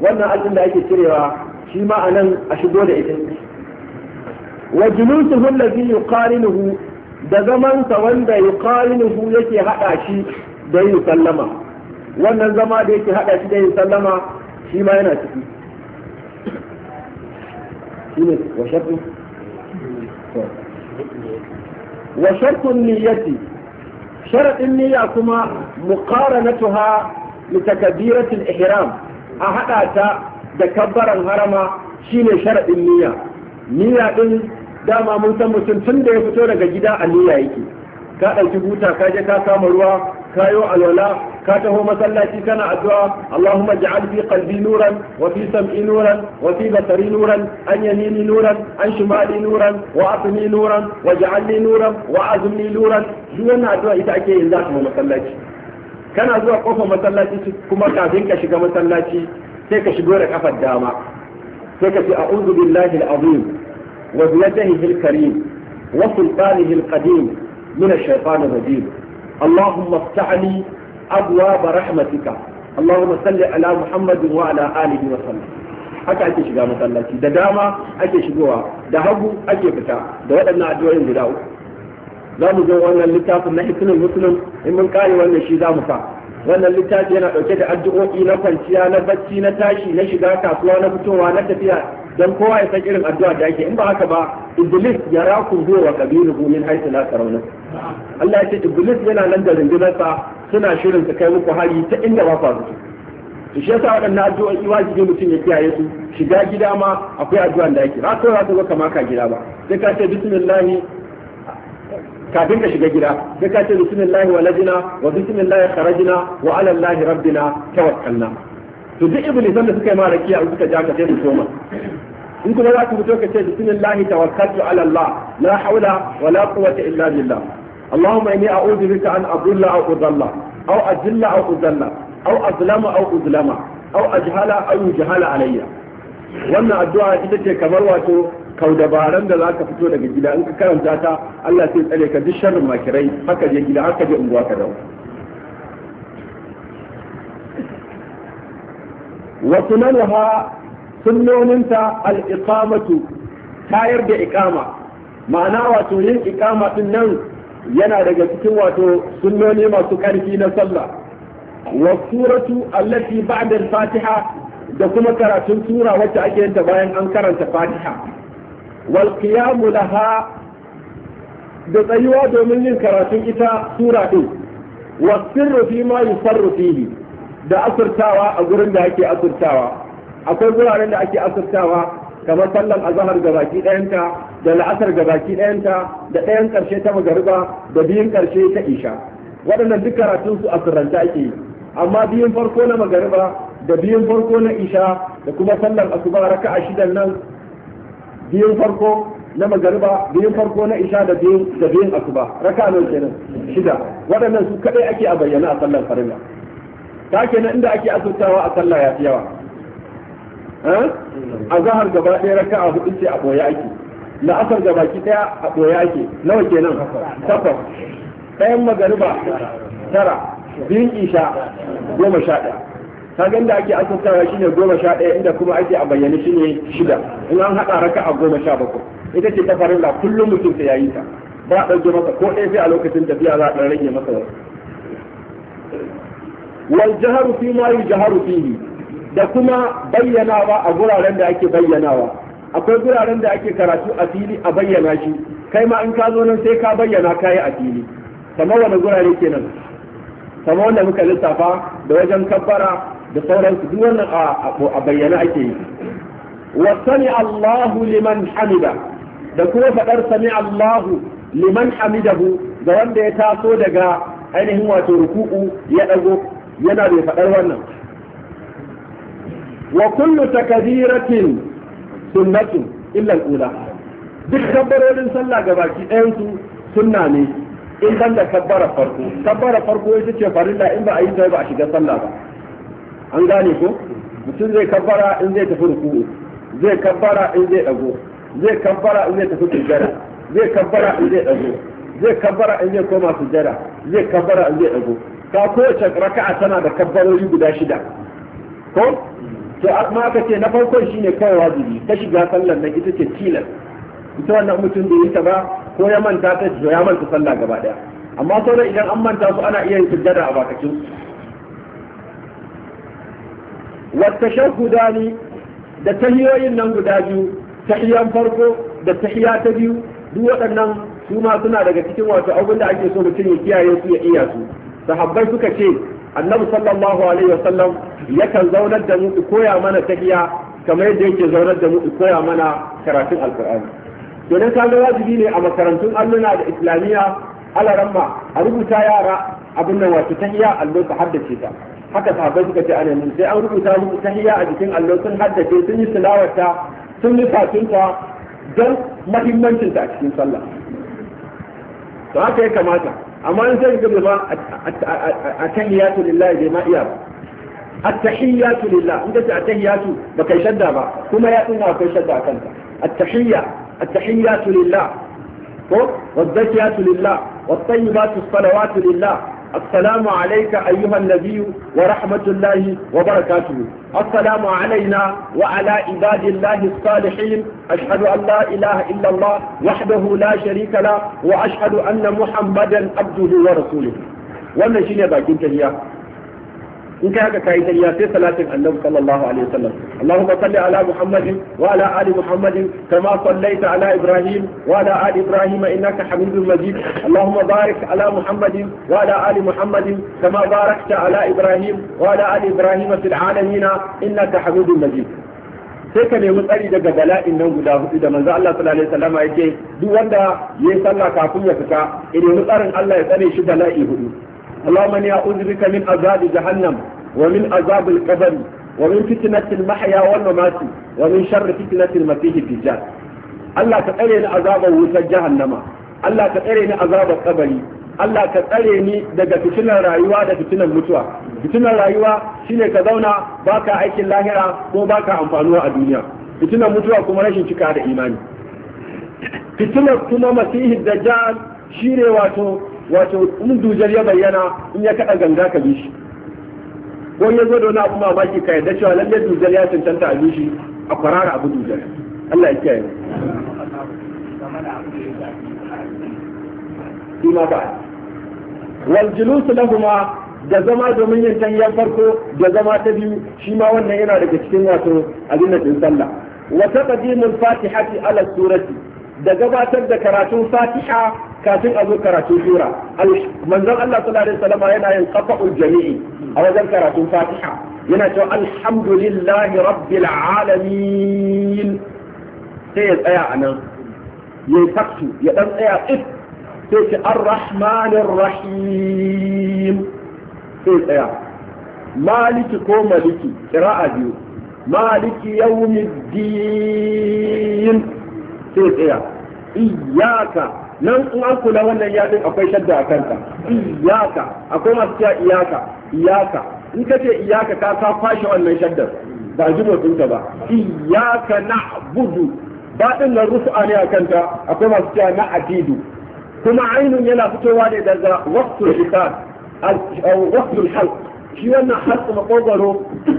wannan abin da ake cirewa shi ma a nan a shigo da ita wa julusuhu allazi yuqarinuhu da zamansa wanda yuqarinuhu yake haɗa shi da yin sallama wannan zama da yake haɗa shi da yin sallama shi ma yana ciki wa shartu niyyati sharaɗin niyya kuma muqaranatuha li takbiratil ihram a haɗa ta da kabbaran harama shine sharaɗin niyya niyya din dama mun san mutum tun da ya fito daga gida a niyya yake ka ɗauki buta ka je ka kama ruwa kayo alwala ka taho masallaci kana addu'a Allahumma ij'al fi qalbi nuran wa sam'i nuran wa fi nuran an nuran an nuran wa nuran wa nuran wa nuran duk wannan addu'a ita ake yin za mu masallaci kana zuwa kofar masallaci kuma kafin ka shiga masallaci sai ka shigo da kafar dama sai ka ce a'udhu billahi al-azim wa bi yadihi al-karim wa sultanihi al-qadim min ash-shaytanir اللهم افتحني أبواب رحمتك اللهم صل على محمد وعلى آله وسلم haka ake shiga masallaci da dama ake shigowa da hagu ake fita da waɗannan addu'o'in guda uku za mu zo wannan littafin na hikinin musulun in mun kare wannan shi za mu sa wannan littafi yana ɗauke da addu'o'i na kwanciya na bacci na tashi na shiga kasuwa na fitowa na tafiya dan kowa ya san irin addu'a da yake in ba haka ba iblis ya raku zuwa wa qabiluhu min haythu la tarawna Allah ya ce iblis yana nan da rindinarsa suna shirin su kai muku hari ta inda ba zuwa to shi yasa waɗannan addu'o'i wajibi mutum ya kiyaye su shiga gida ma akwai addu'an da yake ba ko za zo kama ka gida ba sai ka ce bismillah kafin ka shiga gida sai ka ce bismillah walajina wa bismillah kharajina wa ala allahi rabbina tawakkalna to duk iblis da suka yi ma rakiya suka ja ka sai su koma in kuma za ku fito ka ce bismillahi tawakkaltu ala Allah la haula wala quwwata illa billah اللهم إني أعوذ بك an أضل أو أضل أو أذل أو أذل أو أظلم أو أظلم أو أجهل أو يجهل Alayya. wannan addu'a ita ce kamar wato kau dabaran da zaka fito daga gida in ka karanta ta Allah sai tsare ka duk sharrin makirai haka je gida haka je unguwa ka dawo wa sunanha sunnoninta al’iƙamatu tayar da iƙama. ma'ana wato yin iƙama ɗin nan yana daga cikin wato sunnoni masu ƙarfi na sallah wa suratu allati ba'da al-fatiha da kuma karatun sura wacce ake yanta bayan an karanta fatiha wal qiyamu laha da tsayuwa domin yin karatun ita sura ɗin wa sirru fi ma yusarru fihi da asurtawa a gurin da ake asurtawa akwai wuraren da ake asirtawa kamar sallan azahar gabaki ɗayanta da la'asar gabaki ɗayanta da ɗayan ƙarshe ta magariba da biyun ƙarshe ta isha waɗannan duk karatun su asirranta ake yi amma biyun farko na magariba da biyun farko na isha da kuma sallan asuba raka a shidan nan biyun farko na magariba biyun farko na isha da biyun da biyun asuba raka'a nan kenan shida waɗannan su kadai ake a bayyana a sallan farilla ta kenan inda ake asirtawa a sallah ya fi yawa Eh? a zahar gaba ɗaya raka a hudu ce a ɓoye ake asar gaba ki ɗaya a ɓoye ake nawa kenan takwas ɗayan magariba tara biyun isha goma sha ɗaya ta ganda ake asassawa shi ne goma sha ɗaya inda kuma ake a bayyane shi ne shida in an haɗa raka a goma sha bakwai ita ce ta da kullum mutum sai ya yi ta ba a ɗauke masa ko ɗaya sai a lokacin tafiya za a ɗan rage masa wasu wal jaharu fi ma yi jaharu fihi da kuma bayyanawa a guraren da ake bayyanawa akwai guraren da ake karatu a fili a bayyana shi kai ma in ka zo nan sai ka bayyana kayi a fili kamar wani gurare kenan kamar wanda muka lissafa da wajen kabbara da sauransu duk wannan a bayyana ake yi wa sami Allahu liman hamida da kuma faɗar sami Allahu liman hamidahu ga wanda ya taso daga ainihin wato ruku'u ya ɗago yana da faɗar wannan wa kullu takbiratin sunnatun illa al-ula duk kabbarorin sallah ga baki ɗayan su sunna ne in dan da kabbara farko kabbara farko ita ce farilla in ba a yi ta ba a shiga sallah ba an gane ko mutum zai kabbara in zai tafi ruku'u zai kabbara in zai dago zai kabbara in zai tafi sujjada zai kabbara in zai dago zai kabbara in zai koma sujjada zai kabbara in zai dago ka kowace raka'a tana da kabbarori guda shida ko to amma aka ce na farkon shine kawai wajibi ta shiga sallar na ita ce tilas ita wannan mutum da yi ta ba ko ya manta ta to ya manta sallah gaba daya amma sauran idan an manta su ana iya yin sujjada a bakacin su wata da tahiyoyin nan guda biyu tahiyan farko da tahiya ta biyu duk waɗannan su ma suna daga cikin wato abin da ake so mutum ya kiyaye su ya iya su sahabbai suka ce annabi sallallahu alaihi wasallam yakan zaunar da mu koya mana tahiya kamar yadda yake zaunar da mu koya mana karatun alqur'ani domin ka ga wajibi ne a makarantun alluna da islamiyya alaramma a rubuta yara abin nan wato tahiya allo su haddace ta haka sahabbai suka ce ana sai an rubuta mu tahiya a jikin allo sun haddace sun yi tilawarta sun yi fatinta don mahimmancinta a cikin sallah to haka ya kamata amma in sai ka ba attahiyatu lillahi bai ma iya attahiyatu lillah in kace attahiyatu ba kai shadda ba kuma ya tsinga akwai shadda a kanta a attahiyatu lillah ko wa wadakiyatu lillah والطيبات الصلوات لله السلام عليك أيها النبي ورحمة الله وبركاته السلام علينا وعلى عباد الله الصالحين أشهد أن لا إله إلا الله وحده لا شريك له وأشهد أن محمدا عبده ورسوله wannan shine bakin tahiya in kai haka kai tayya sai salatin annabi sallallahu alaihi wasallam Allahumma salli ala Muhammadin wa ala ali Muhammadin kama sallaita ala Ibrahim wa ala ali Ibrahim innaka Hamidum Majid Allahumma barik ala Muhammadin wa ala ali Muhammadin kama barakta ala Ibrahim wa ala ali Ibrahim fil alamin innaka Hamidum Majid sai ka nemi tsari daga bala'in nan guda hudu da manzo Allah sallallahu alaihi wasallam yake duk wanda yayi sallah kafin ya fita ya nemi tsarin Allah ya tsare shi bala'i hudu اللهم اني اعوذ بك من عذاب جهنم ومن عذاب القبر ومن فتنة المحيا والممات ومن شر فتنة المسيح الدجال Allah ka tsare ni azabar wutar jahannama Allah ka tsare ni kabari Allah ka tsare ni daga fitinar rayuwa da fitinar mutuwa fitinar rayuwa shine ka zauna baka aikin lahira ko baka amfanuwa a duniya fitinar mutuwa kuma rashin cika da imani fitinar kuma masihi dajjal shine wato wato in dujar ya bayyana in ya kaɗa ganga ka bi shi ko ya zo da wani abu baki ka yadda cewa lallai dujar ya cancanta a bi shi a kwarara abu dujar Allah ya kiyaye shi ma ba wal julusu lahuma da zama domin yin tanyan farko da zama ta biyu shi ma wannan yana daga cikin wato abin da sallah wa taqdimul fatihati ala surati da gabatar da karatun fatiha kafin a zo karatu sura manzon Allah sallallahu alaihi wasallam yana yin qafa'ul jami'i a wajen karatun Fatiha yana cewa alhamdulillahi rabbil alamin sai ya tsaya a nan ya faktu ya dan tsaya if sai ce arrahmanir rahim sai tsaya maliki ko maliki kira'a biyu maliki yawmiddin sai tsaya iyyaka nan in an kula wannan yadin akwai shadda a kanta iyaka akwai masu cewa iyaka iyaka in ka ce iyaka ka ka kwashe wannan shadda ba ji motsinta ba iyaka na budu baɗin nan a ne a kanta akwai masu cewa na adidu kuma ainun yana fitowa ne daga waqtul a waqtul halq shi wannan halq makogaro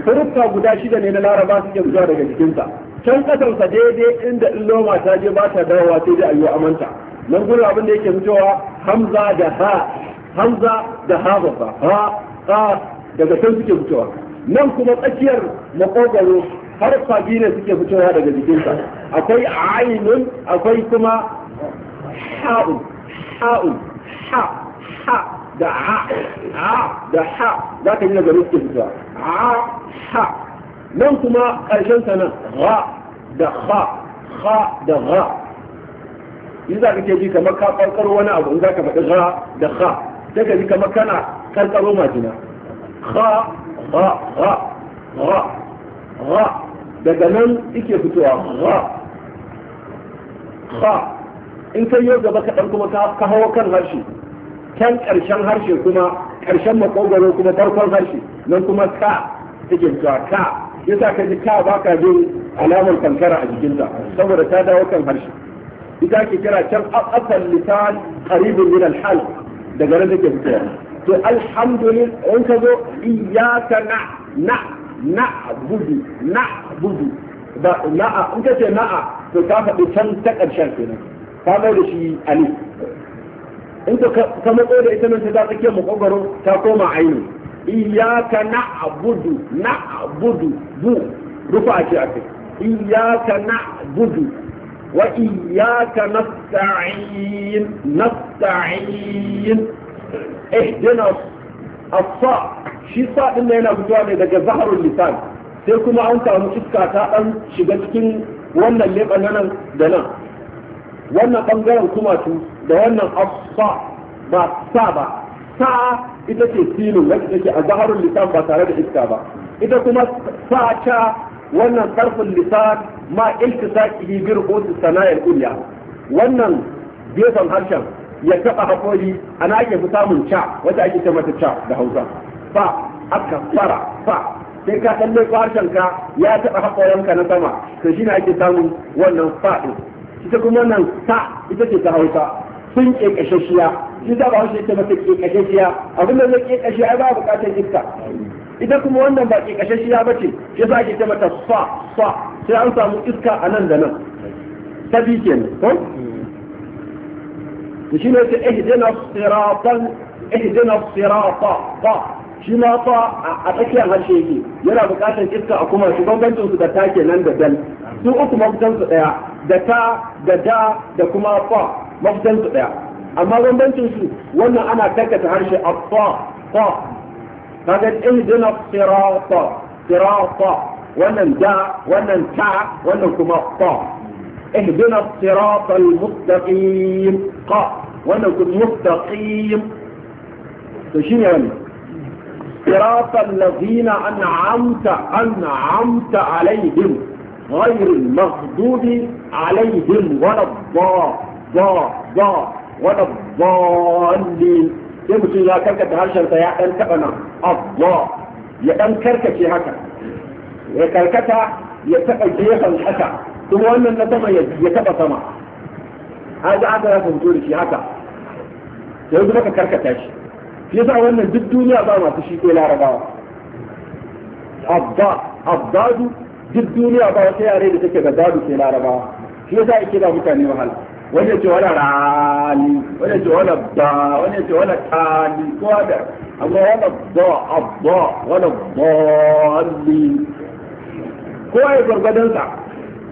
rufa guda shida ne na laraba suke zuwa daga jikinsa can kasansa daidai inda in loma ta je ba ta dawowa sai dai a amanta nan gurin abin da yake fitowa hamza da ha hamza da ha babba ha ha daga can suke fitowa nan kuma tsakiyar makogaro har sabi ne suke fitowa daga jikinsa akwai ainun akwai kuma ha'un ha'un ha ha da ha ha da ha za ka yi daga suke fitowa ha ha nan kuma ƙarshen sanan ra da ha ha da ra in za ka ke ji kamar ka farkar wani abu in za ka faɗi ra da ha sai ka ji kamar kana karkaro majina ha ha ha ha ha daga nan ike fitowa ha ha in kai yau gaba kaɗan kuma ka hawa kan harshe can ƙarshen harshe kuma ƙarshen makogaro kuma farkon harshe nan kuma ka take fitowa ka yasa ka ji ka baka jin alamar kankara a jikinta saboda ta dawo kan harshe ita ake kira can asal lisan qaribun min al-hal daga nan take fitowa to alhamdulillah in ka zo iyyaka na na na budu na budu ba na'a in ka ce na'a to ka faɗi can ta ƙarshen kenan ka mai da shi alif in ka ka matso da ita nan ta za tsakiyar makogaro ta koma aini iyyaka na na'budu bu rufa ake ake iyyaka budu. وإياك نستعين نستعين اهدنا الصاء شي صاء اللي هنا بتوعنا ده ظهر اللسان سيكو انت عم تسكى تاء شبتكين وانا اللي بنانا دنا وانا قنجرا كماتو ده وانا ما صاء با إذا تسينو لك إذا ظهر اللسان بطارد إذا كما صاء wannan sarfin lisan ma iltisaqihi bi ru'usi sana'il kulliya wannan gefen harshen ya taba hakori ana ake fi samun ca wata ake ce mata ca da Hausa fa aka fara fa sai ka kalle harshen ka ya taba ka na sama to shine ake samun wannan fa din ita kuma wannan ta ita ce ta Hausa sun kekashashiya shi da ba Hausa ita mata kekashashiya abin da zai kekashiya ai ba bukatar iska ita kuma wannan ba ke kashashiya ba ce ya sa ake ce mata fa fa sai an samu iska a nan da nan ta bi kenan ko shi ne ta ihdina siratan ihdina sirata fa shi ma fa a tsakiyar harshe yake yana bukatar iska a kuma su bambancin su da ta nan da dal su uku mafitan su daya da ta da da da kuma fa mafitan su daya amma bambancin su wannan ana karkata harshe a fa fa فقال اهدنا الصراط صراط ومن جاء ومن تع ومن تمطى اهدنا الصراط المستقيم ق ونكون مستقيم تشين يعني صراط الذين أنعمت أنعمت عليهم غير المغضوب عليهم ولا الضالين sai mutum ya karkata harshensa ya ɗan taɓa nan Allah ya ɗan karkace haka ya karkata ya taɓa gefen haka kuma wannan na sama ya taɓa sama har da aka ya fito da shi haka yanzu baka karkata shi shi yasa wannan duk duniya ba masu shi sai larabawa abba abdadu duk duniya ba wata yare da take da dadu sai larabawa shi yasa ake da mutane wahala wani ce wani rani wani ce wani ba wani ce wani tani ko wani amma wani ba abba wani bali kowa ya gwargwadonsa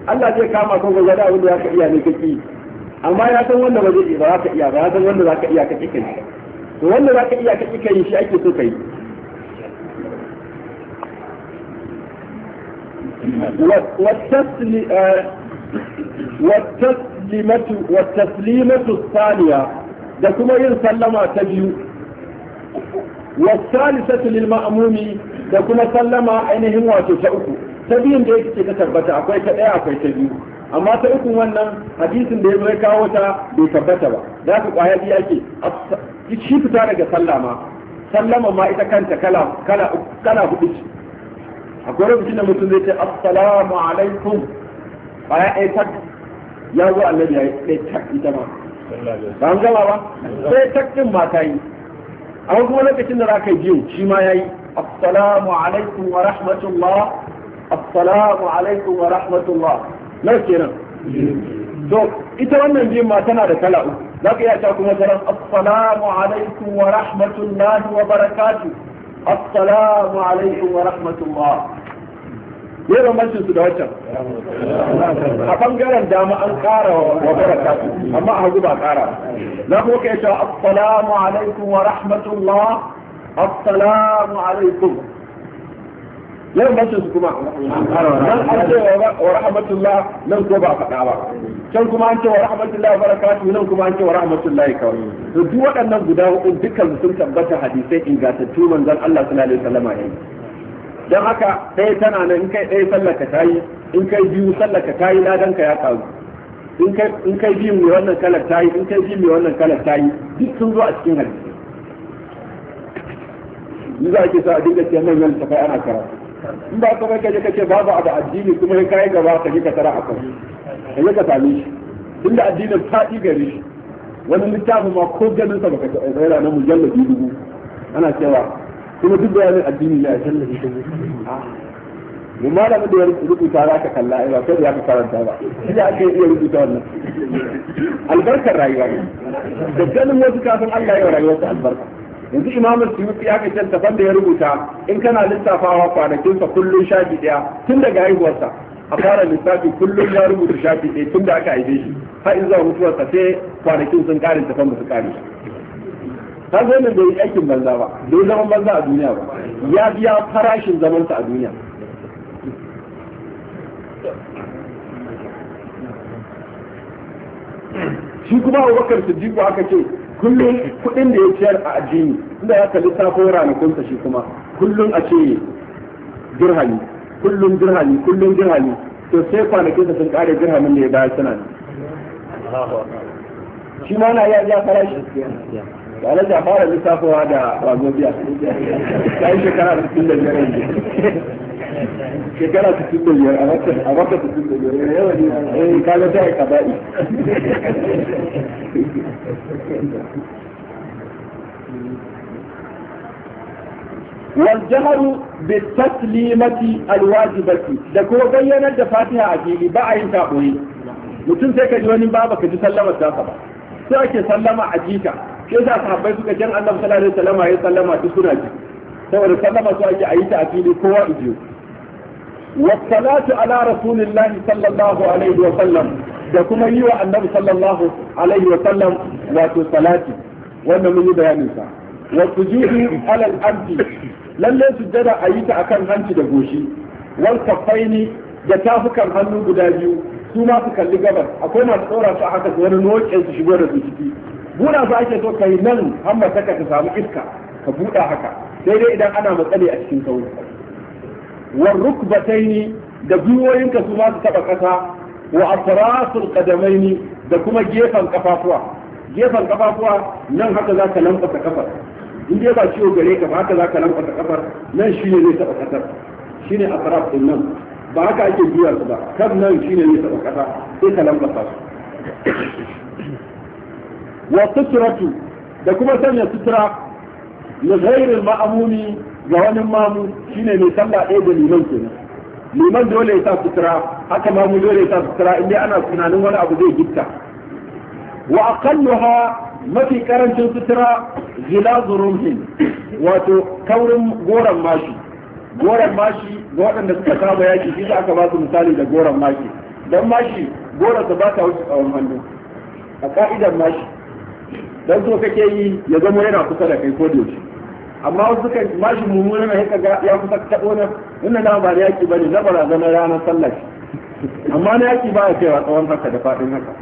Allah zai kama kan gwargwada abin da za ka iya ne kake amma ya san wanda ba zai ba za ka iya ba ya san wanda za ka iya kake kai to wanda za ka iya kake kai shi ake so kai والتسلي والتسلي taslimatu saniya da kuma yin sallama ta biyu wa salisatu lil ma'mumi da kuma sallama ainihin wato ta uku ta biyun da yake ta tabbata akwai ta daya akwai ta biyu amma ta uku wannan hadisin da ya zai kawo ta bai tabbata ba za ka kwaya biya ke shi fita daga sallama sallama ma ita kanta kala kala kala hudu ce akwai lokacin da mutum zai ce assalamu alaikum kwaya ɗaya ya zo annabi ya yi ɗaya tak ita ma ba an gama ba sai tak din ma ta yi amma kuma lokacin da za ka yi biyu shi ma ya yi assalamu alaikum wa rahmatullah assalamu alaikum wa rahmatullah na kenan to ita wannan biyun ma tana da kala uku za ka iya ta kuma taron assalamu alaikum wa rahmatullahi wa barakatuh assalamu alaikum wa rahmatullah me bambancin su da waccan a bangaren dama an kara wa baraka amma a hagu ba kara za ku kai cewa assalamu alaikum wa rahmatullah assalamu alaikum me bambancin su kuma nan an ce wa rahmatullah nan ko ba faɗa ba can kuma an ce wa rahmatullah wa barakatuhu nan kuma an ce wa rahmatullahi kawai to duk waɗannan guda hudu dukkan sun tabbata hadisai ingantattu manzon Allah sallallahu alaihi wasallam yayi don haka ɗaya tana nan in kai ɗaya sallaka ka tayi in kai biyu sallaka tayi yi ladanka ya karu in kai biyu mai wannan kalar tayi in kai biyu mai wannan kalar tayi duk sun zo a cikin hadisi Ni za ke sa a dinga ce manyan ta kai ana karatu in ba ka bai kaje kace babu abu addini kuma ya kai gaba ka ji ka tara a kai, ka yi ka same shi tunda addinin faɗi gare shi wani littafin ma ko ganin sa baka tsaya na mujalladi dubu ana cewa kuma duk bayanin addini ya yi tallafi ta mu malamin da ya rubuta za ka kalla ba kai ya fi karanta ba da ake iya rubuta wannan albarkar rayuwa ne da ganin wasu kafin Allah ya rayuwa ta albarka yanzu imamu suyuti ya kai canta banda ya rubuta in kana lissafawa kwanakinsa kullum shafi daya tun daga haihuwarsa a fara lissafi kullum ya rubuta shafi daya tun da aka haife shi har in zuwa mutuwarsa sai kwanakin sun kare tafan ba su kare Ta zai wannan bai aikin banza ba bai zaman banza a duniya ba ya biya farashin zamanta a duniya shi kuma su jiko aka ce kullum kuɗin da ya ciyar a addini inda ya kalli safo ranakunsa shi kuma kullum a ce jirhani kullum jirhani kullum jirhani to sai kwanakinsa sun kare dirhamin da ya bayar suna shi ma na ya farashi da alaji a fara lissafowa da wazobiya ta yi shekara da cikin da biyar yanzu shekara cikin da biyar a maka cikin da biyar yawa ne a yi eh, kaga ta yi kaba'i والجهر بالتسليمة الواجبة دكو kuma bayyanar عجيلي fatiha a fili ba a yin taɓoyi mutum sai ka ji wani baba shi yasa sahabbai suka jan annabi sallallahu alaihi wasallam ya sallama duk suna ji saboda sallama su ake ayi ta a fili kowa in ijiyo Wa salatu ala الله sallallahu alaihi wa sallam da kuma yi wa annabi sallallahu alaihi wa sallam wato salati wannan mun yi bayanin sa wa sujudu ala al-ardi lalle sujjada a yi ta akan hanci da goshi wal kaffaini da tafukan hannu guda biyu su ma su kalli gabas akwai masu tsora su haka su wani noke su shigo da su ciki Buna su ake so kai nan saka ka samu iska ka buɗa haka sai dai idan ana matsale a cikin sauri wa rukbataini da gwiwoyinka su ma su taɓa ƙasa wa afrasul qadamaini da kuma gefen kafafuwa gefen kafafuwa nan haka za ka lambata kafar in dai ba ciwo gare ka ba haka za ka lambata kafar nan shine zai taɓa ƙasar shine afras din nan ba haka ake biyar su ba kan nan shine zai taɓa ƙasa sai ka lambata su wa suturatu da kuma sanya sutura ya ghairin ma'amuni ga wani mamu shine mai sallah ɗaya da liman kenan liman dole ya sa sutura haka mamu dole ya sa sutura inda ana tunanin wani abu zai gitta wa aqalluha mafi karancin sutura zila zurumhin wato kaurin goron mashi goron mashi ga waɗanda suka kama yaki shi aka ba su misali da goron mashi don mashi goron ba ta wuce tsawon hannu a ka'idar mashi dan so kake yi ya zama yana kusa da kai ko da amma wasu kan mashi mummuna na haka ga ya kusa ta na wannan na ba yaki bane na zama ranar sallah amma na yaki ba ya kaiwa tsawon haka da fadin haka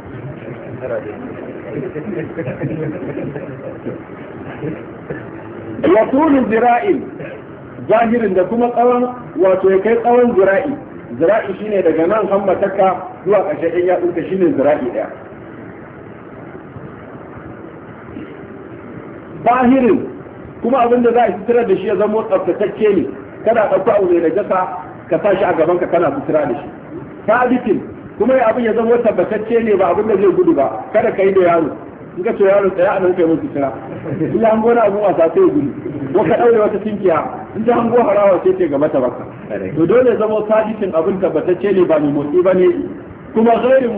ya tulu zira'in zahirin da kuma tsawon wato ya kai tsawon zira'i zira'i shine daga nan hammataka zuwa ƙarshen yan shi ne zira'i ɗaya zahirin kuma abin da za a sutura da shi ya zama tsaftatacce ne kada ɗauka abu mai najasa ka sa shi a gaban ka kana sutura da shi sabitin kuma ya abin ya zama tabbatacce ne ba abin da zai gudu ba kada ka yi da yaro in ka ce yaro tsaya a nan kai mun sutura in ya hango na abin wasa sai ya gudu ko ka ɗaure wata tinkiya in ta hango harawa sai ce ga mata baka to dole ya zama sabitin abin tabbatacce ne ba mai motsi ba ne kuma gairin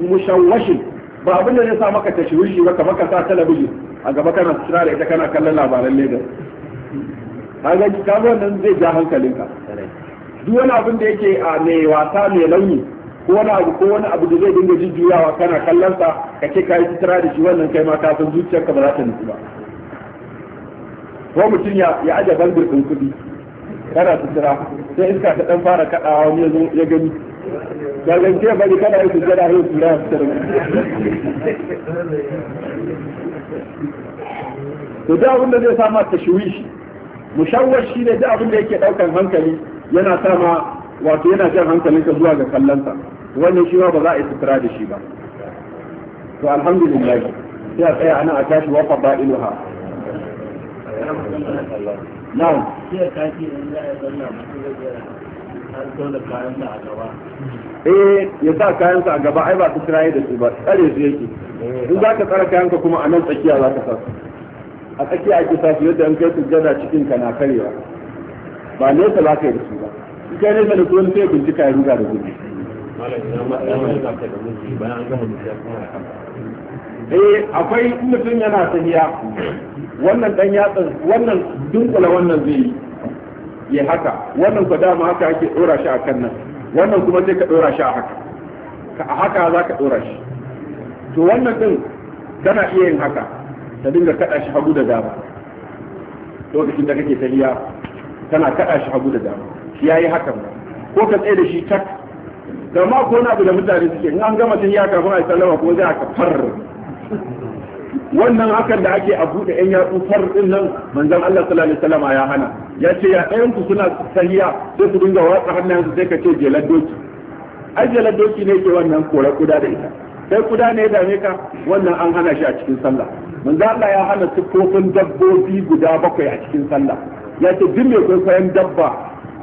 mushawashin ba abin da zai sa maka ta shiru kamar ka sa talabijin a gaba kana tsira da ita kana kallon labaran Lagos Ta kaga nan zai ja hankalinka duk wani abin da yake a mai wasa mai launi ko wani abu ko wani abu da zai dinga jujjuyawa kana kallon sa ka ce ka yi sutura da shi wannan kai ma ka san zuciyarka ba za ta nutsu ba ko mutum ya ya aje bangur kudi kana tsira sai iska ta dan fara kaɗawa wani ya gani gargajiya bari kada yi sujjada yau tura ya fitar to duk abin da zai sama tashwishi mushawwash shi ne abin da yake daukan hankali yana sama wato yana jan hankalinsa zuwa ga kallonsa wannan shi ma ba za a yi sutura da shi ba to alhamdulillah sai a tsaya ana a tashi wa fadailuha na'am sai ka ce in za a yi sallah mutum zai eh ya sa kayansa a gaba ai ba su kiraye da su ba tsare su yake eh. in za ka tsara kayanka kuma a nan tsakiya za ka sa a tsakiya ake sa su yadda an kai su gada cikin ka na karewa ba nesa za ka yi da su ba in kai nesa da kuma sai bincika ya ruga da gudu eh akwai mutum yana tafiya wannan dan yatsa wannan dunkula wannan zai yi ya haka wannan ku dama haka ake dora shi kan nan wannan kuma sai ka dora shi a haka a haka za ka dora shi to wannan din kana iya yin haka ta dinga kada shi hagu da dama lokacin da kake taliya kana kada shi hagu da dama shi yayi hakan ko ka tsaye da shi tak da ma ko na abu da mutane suke in an gama ya kafin a sallama ko zai aka far wannan hakan da ake a buɗe ɗan yatsu far din nan manzon Allah sallallahu alaihi wasallam ya hana ya ce ya ɗayan ku suna sahiya sai su dinga watsa hannayen su sai ka ce jelar doki ai jelar doki ne ke wannan kore kuda da ita sai kuda ne ya dame ka wannan an hana shi a cikin sallah manzon Allah ya hana siffofin dabbobi guda bakwai a cikin sallah ya ce duk mai kwaikwayon dabba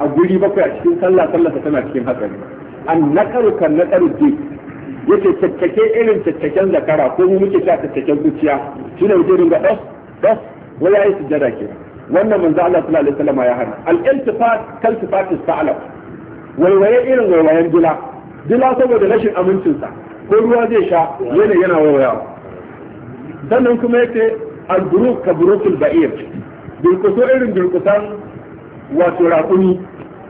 a guri bakwai a cikin sallah sallah ta tana cikin hatsari an nakaru kan nakaru ke yake tattake irin tattaken zakara ko mu muke sa tattaken zuciya shine muke dinga das das wai yayi sujada ke wannan manzo Allah sallallahu alaihi wasallam ya hana al-iltifat kal tifat sa'alab waiwaye irin waiwayen dila dila saboda rashin amincinsa ko ruwa zai sha yana yana waiwayawa sannan kuma yake al-buruk ka burukul ba'ir durkuso irin durkusan wato raƙumi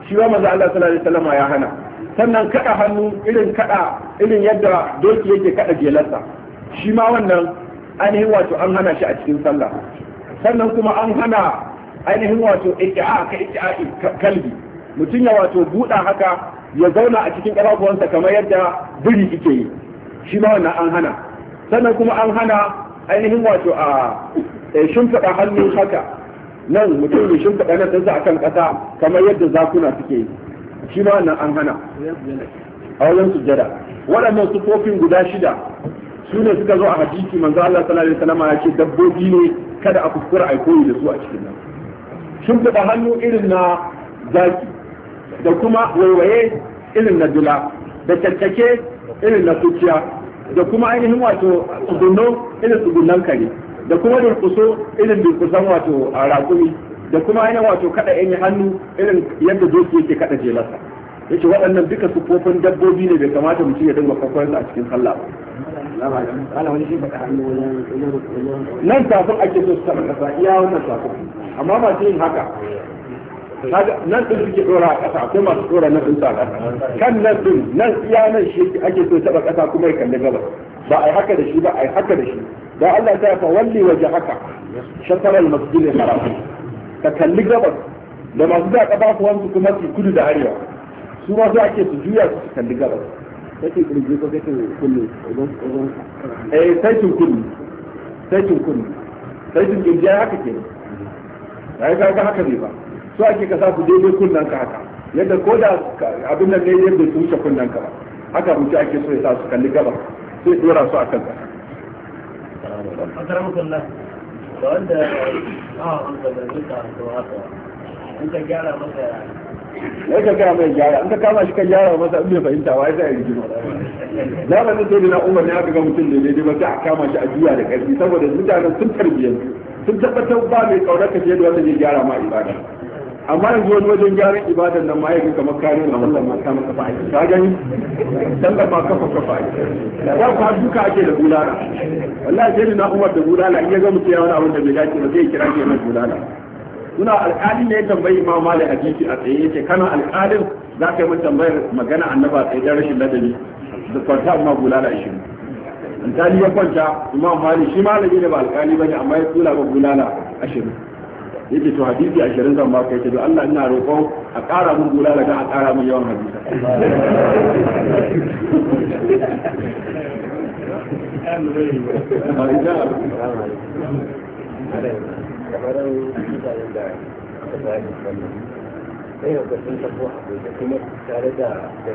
shi wa manzo Allah sallallahu alaihi wasallam ya hana sannan kada hannu irin kada irin yadda doki yake kada gelarsa shi ma wannan ainihin wato an hana shi a cikin sallah sannan kuma an hana ainihin wato iki'a ka iki'a kalbi mutum ya wato buɗa haka ya zauna a cikin ƙafafuwansa kamar yadda biri yake yi shi ma wannan an hana sannan kuma an hana ainihin wato a eh, shimfiɗa hannu haka nan mutum ya shimfiɗa nan a akan ƙasa kamar yadda zakuna suke yi shi ma wannan an hana a wajen sujjada waɗannan sufofin guda shida su ne suka zo a hadisi manzo Allah sallallahu alaihi wasallam ya ce dabbobi ne kada a kuskura a koyi da su a cikin nan Shin da hannu irin na zaki da kuma waiwaye irin na dula da tattake irin na kuciya da kuma ainihin wato tsugunno irin tsugunnan kare da kuma durkuso irin durkusan wato a raƙumi da kuma ainihin wato kada yan hannu irin yadda doki yake kada jelarsa yace waɗannan duka sufofin dabbobi ne bai kamata mutum ya dinga kwakwaransa a cikin sallah ba nan tafin ake so su taɓa ƙasa iya wannan tafin amma ba yin haka nan ɗin suke ɗora a ƙasa ko masu ɗora nan din sa ƙasa kan nan ɗin nan iya nan shi ake so taɓa ƙasa kuma ya kalli gaba ba a yi haka da shi ba a yi haka da shi don Allah ta yafa walli waje haka shatarar masjidin haram ka kalli gabas da masu da kafafuwansu kuma su kudu da arewa su ma su ake su juya su su kalli gabas sai ji ko sai kullu eh sai kin kullu sai kin kullu sai ji ya haka ke ai ka ga haka ne ba su ake ka sa ku daidai kunnan ka haka yadda ko da abin nan ne yadda su wuce kunnan ka ba haka mutu ake so ya sa su kalli gaba sai dora su akan ka da wanda awon da bai duka to haka in ka gyara masa ya ka kama ya gyara in ka kama shi ka gyara masa in bai fahimta wa sai ya yi jima na ba sai da na umar ne aka ga mutum da daidai ba sai a kama shi a juya da karfi saboda mutanen sun tarbiyyar sun tabbatar ba mai tsauraka fiye da wanda zai gyara ma ibada amma yanzu wani wajen gyaran ibadan nan ma yake kamar kare na wallan ma ta maka fa'i ka gani dan da ba kafa kafa ya ba ka duka ake da bulala wallahi sai na Umar da bulala in ya ga mutum ya wani abin da bai dace ba zai kira ke mai bulala kuna alƙalin ne ya tambayi ma Malik hadisi a tsaye yake kana alƙalin za ka yi mun tambayar magana annaba tsaye da rashin ladabi da kwanta amma bulala shi alƙali ya kwanta Imam Malik shi malami ne ba alƙali bane amma ya tura ba bulala ashirin yake to hadisi ashirin zan ba kai Allah ina roƙon a ƙara mun gula daga a ƙara mun yawan hadisa sai a kuma tare da da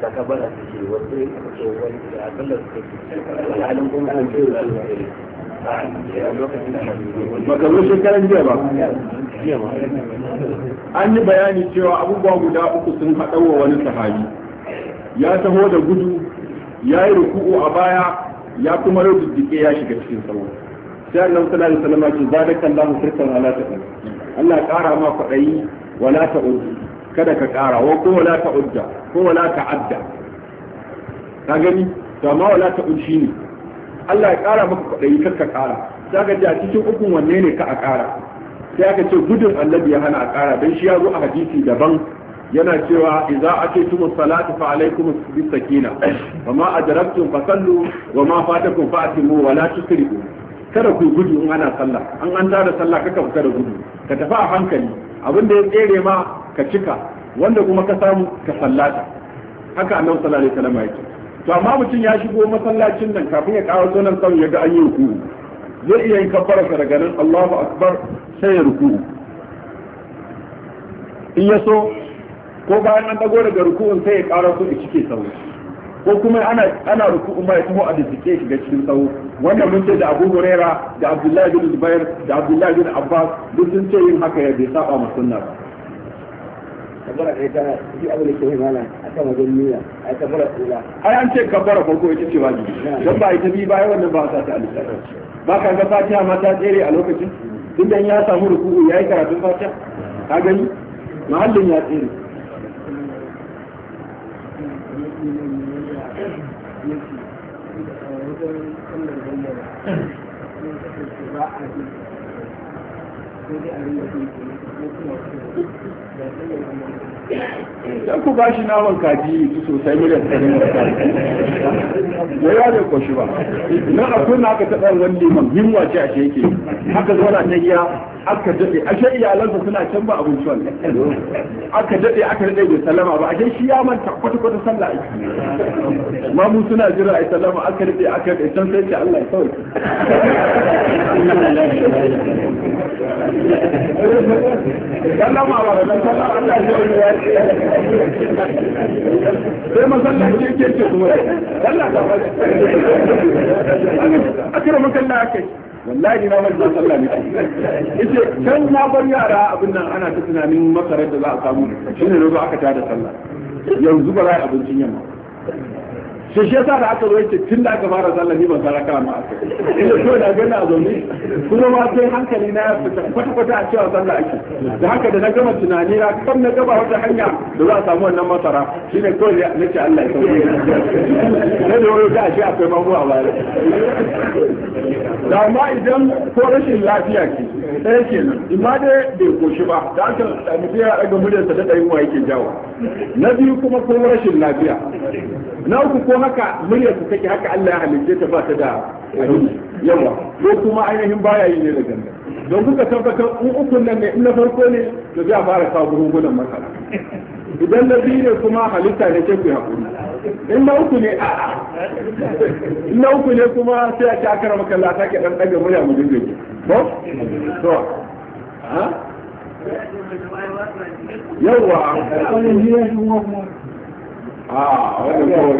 da ka bara suke wasu kuma an ce makaru shekaran jiya ba an yi bayani cewa abubuwa guda uku sun haɗawa wani sahabi ya taho da gudu ya yi ruku'u a baya ya kuma rubutuke ya shiga cikin sauwa sai annabi sallallahu alaihi wasallam ce zadaka Allahu sirkan ala ta Allah ƙara ma kwaɗayi wala ta kada ka ƙara wa ko wala ta ko wala ta adda ka gani to amma wala ta shine Allah ya ƙara maka kwaɗayi kar ka ƙara sai ka ce a cikin ukun wanne ne ka a ƙara sai aka ce gudun annabi ya hana a ƙara don shi ya zo a hadisi daban yana cewa idza atitum salatu fa alaykum bisakina wa ma adraktum fa sallu wa ma fatakum fa atimu wa la tusrifu kada ku gudu in ana sallah an an da sallah kaka fita da gudu ka tafi a hankali abin da ya tsere ma ka cika wanda kuma ka samu ka sallata haka annabi sallallahu alaihi wasallam yake to amma mutum ya shigo masallacin nan kafin ya kawo sunan sau ya ga an yi ruku zai iya yin kabbararsa daga nan Allahu akbar sai ya ruku in ya so ko bayan an dago daga ruku'un sai ya ƙara so cike sau ko kuma ana ana ruku'un ma ya taho a disike shiga cikin sau wannan mun ce da Abu Huraira da Abdullahi bin Zubair da Abdullahi bin Abbas duk sun ce yin haka ya bai saba ma sunna ba kabbara kai tana shi abin da ke yi mana a kan wajen niyya a kabbara kula ai an ce kabbara farko ita ce wajibi don ba ita bi bayan wannan ba sa ta alisa ba ka ga fatiha ma ta tsere a lokacin tunda ya samu ya yi karatun fatiha ka gani mahallin ya tsere Thank you. Yeah. dan ku ba shi naman kaji sosai miliyan ɗari da ya ya bai shi ba na akwai na aka taɓa wani liman yunwa ce a ce yake haka zo na ta giya aka daɗe ashe iyalansa suna can ba abun wannan aka daɗe aka daɗe bai salama ba ashe shi ya manta kwata kwata sallah aiki ma mu suna jira ai salama aka daɗe aka daɗe can sai ce Allah ya sauke sallama ba da sallama Allah ya sauke sai masallaci yake ce kuma Allah ka fara akira masallaci kai wallahi na wani sallah ne yace kan na bar yara abin nan ana ta tunanin masarar da za a samu shine nazo aka tada sallah yanzu ba za a abincin yamma shi shi yasa da aka zo yake tun da aka fara sallah ni ban fara kama aka ina so da gani a zaune kuma ma sai hankali na ya fita kwata kwata a cewa sallah ake da haka da na gama tunani na kan na gaba wata hanya da za a samu wannan masara shi ne kawai na ce Allah ya sauke na da wani ga shi kai mamu a baya da amma idan ko rashin lafiya ke ɗaya kenan imma dai bai koshi ba da aka mutum ya ɗaga muryarsa da ɗayin wa yake jawo na biyu kuma ko rashin lafiya na uku ko haka muryar ta take haka Allah ya halicce ta ba ta da yawa ko kuma ainihin baya yi ne da ganda don kuka tabbatar in ukun nan ne in na farko ne to za a fara kawo buhungunan masara idan na biyu ne kuma halitta ne ke ku hakuri in na uku ne a in na uku ne kuma sai a ci akara maka lata ke dan daga murya mu dinga ki ko to yawa wannan ibrahim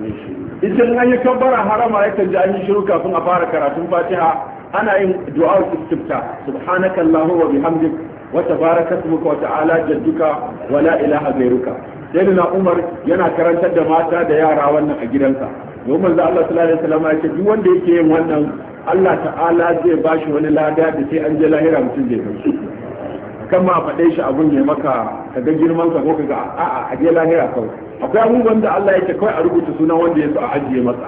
ne idan an yi kabbara harama ya kan ji an yi shiru kafin a fara karatun fatiha ana yin du'a istifta subhanaka allahumma wa bihamdik wa tabaraka ismuka wa ta'ala jadduka wa la ilaha ghayruka sayyidina umar yana karantar da mata da yara wannan a gidansa don manzo Allah sallallahu alaihi wasallam ya ce duk wanda yake yin wannan Allah ta'ala zai ba shi wani lada da sai an je lahira mutum zai kai kan ma faɗe shi abun ya maka ka ga girman ka ko ka ga a'a a je lahira kawai akwai abubuwan da Allah yake kawai a rubuta sunan wanda ya so a ajiye masa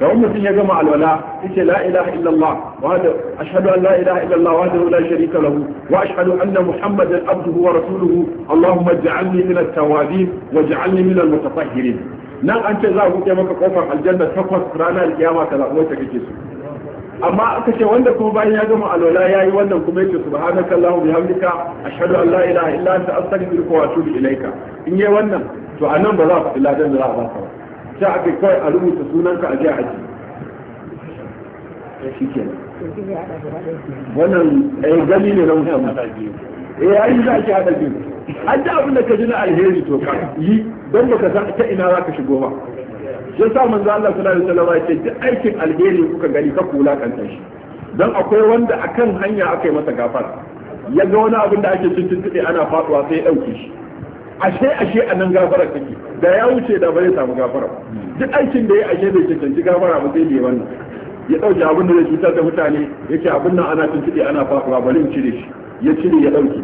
da wani mutum ya gama alwala yace la ilaha illallah wa ashhadu an la ilaha illallah wa da la sharika lahu wa ashhadu anna muhammadan abduhu wa rasuluhu allahumma ij'alni min at-tawabin waj'alni min al-mutatahhirin nan an ce za a buɗe maka kofar aljanna takwas ranar alkiyama ka zaɓi wacce kake su amma aka ce wanda kuma bayan ya gama alwala ya yi wannan kuma yake subhanaka allahumma bihamdika ashhadu an la ilaha illa anta astaghfiruka wa atubu ilaika in yi wannan to a nan ba za ku faɗi ladan da za a ba ka ba sai a kai a rubuta sunanka a je aji shi kenan eh, gani ne na musamman eh ai za ki hada biyu an ji abin da ka ji na alheri to ka yi don ba ka ta ina za ka shigo ba ya sa manzo Allah sallallahu alaihi wasallam ya ce aikin alheri kuka gani ka kula kan shi dan akwai wanda akan hanya aka yi masa gafara ya ga wani abin da ake tuntuntuɗe ana faduwa sai ya dauke shi ashe ashe a nan gafara take da ya wuce da bai samu gafara duk aikin da ya ashe bai cancanci gafara ba sai bai wannan ya dauke abin da zai cutar da mutane ce abin nan ana tuntuɗe ana faduwa bari in cire shi ya cire ya dauke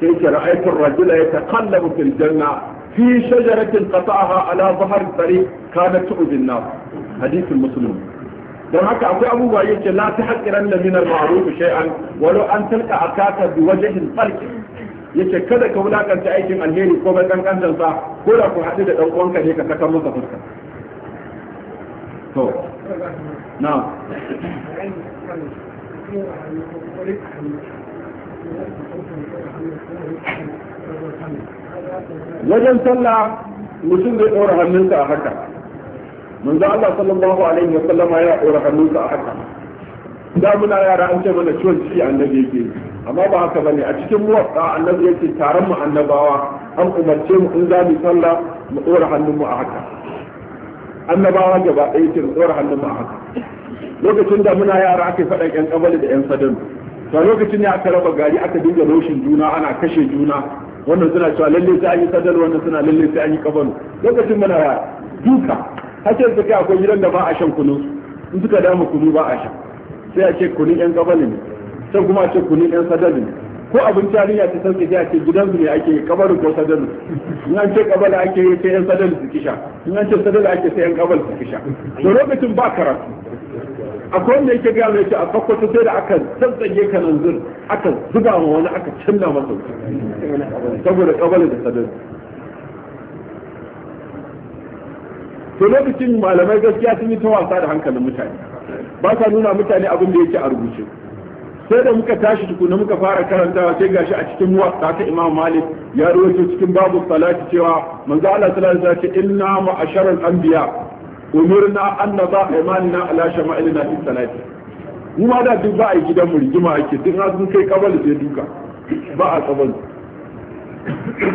sai ce ra'aytun rajula yataqallabu fil janna fi shajaratin qata'aha ala zahar tariq kana tu'din nas hadithul muslim don haka akwai abubuwan yake la ta haƙiran da minar ma'arufu shay'an walau an talka a kaka bi wajehin farki yace kada ka wulakanta aikin alheri ko bai kankantar sa ko da ku haɗu da ɗan ne ka saka masa fuska to na wajen sallah mutum zai ɗora hannunsa a haka manzo Allah sallallahu alaihi wa sallama ya ɗora hannunsa a haka da muna yara an ce mana ciwon ciki annabi yake amma ba haka bane a cikin muwatta annabi yake taron mu annabawa an umarce mu in za mu sallah mu ɗora hannun mu a haka annabawa gaba ɗaya ce mu ɗora hannun mu a haka lokacin da muna yara ake faɗa ƴan kabali da ƴan sadan to lokacin ne aka raba gari aka dinga roshin juna ana kashe juna wannan suna cewa lalle sai an yi sadar wannan suna lalle sai an yi lokacin muna duka hakan kai akwai gidan da ba a shan kunu in suka dama kunu ba a sha sai a ce kunun yan kabali ne sai kuma a ce kunun yan sadar ne ko abin tarihi ta sauke sai a ce gidan su ne ake kabarin ko sadar in an ce kabala ake yi sai yan sadar su kisha in an ce sadar ake sai yan kabal su kisha to lokacin ba karatu akwai wanda yake gaya mai a fakwato sai da aka zanzanye ka nan zur aka zuba ma wani aka canna masa saboda kabalin da sadar to lokacin malamai gaskiya sun yi ta wasa da hankalin mutane ba sa nuna mutane abin da yake a rubuce sai da muka tashi tukuna muka fara karantawa sai gashi a cikin muwatta ta Imam Malik ya rawaito cikin babu salati cewa manzo Allah sallallahu alaihi wasallam ce inna ma'asharal anbiya umirna an na ba imanina ala na fi salati mu ma da duk ba a yi gidan mu rigima ake duk har sun kai kabal sai duka ba a kabal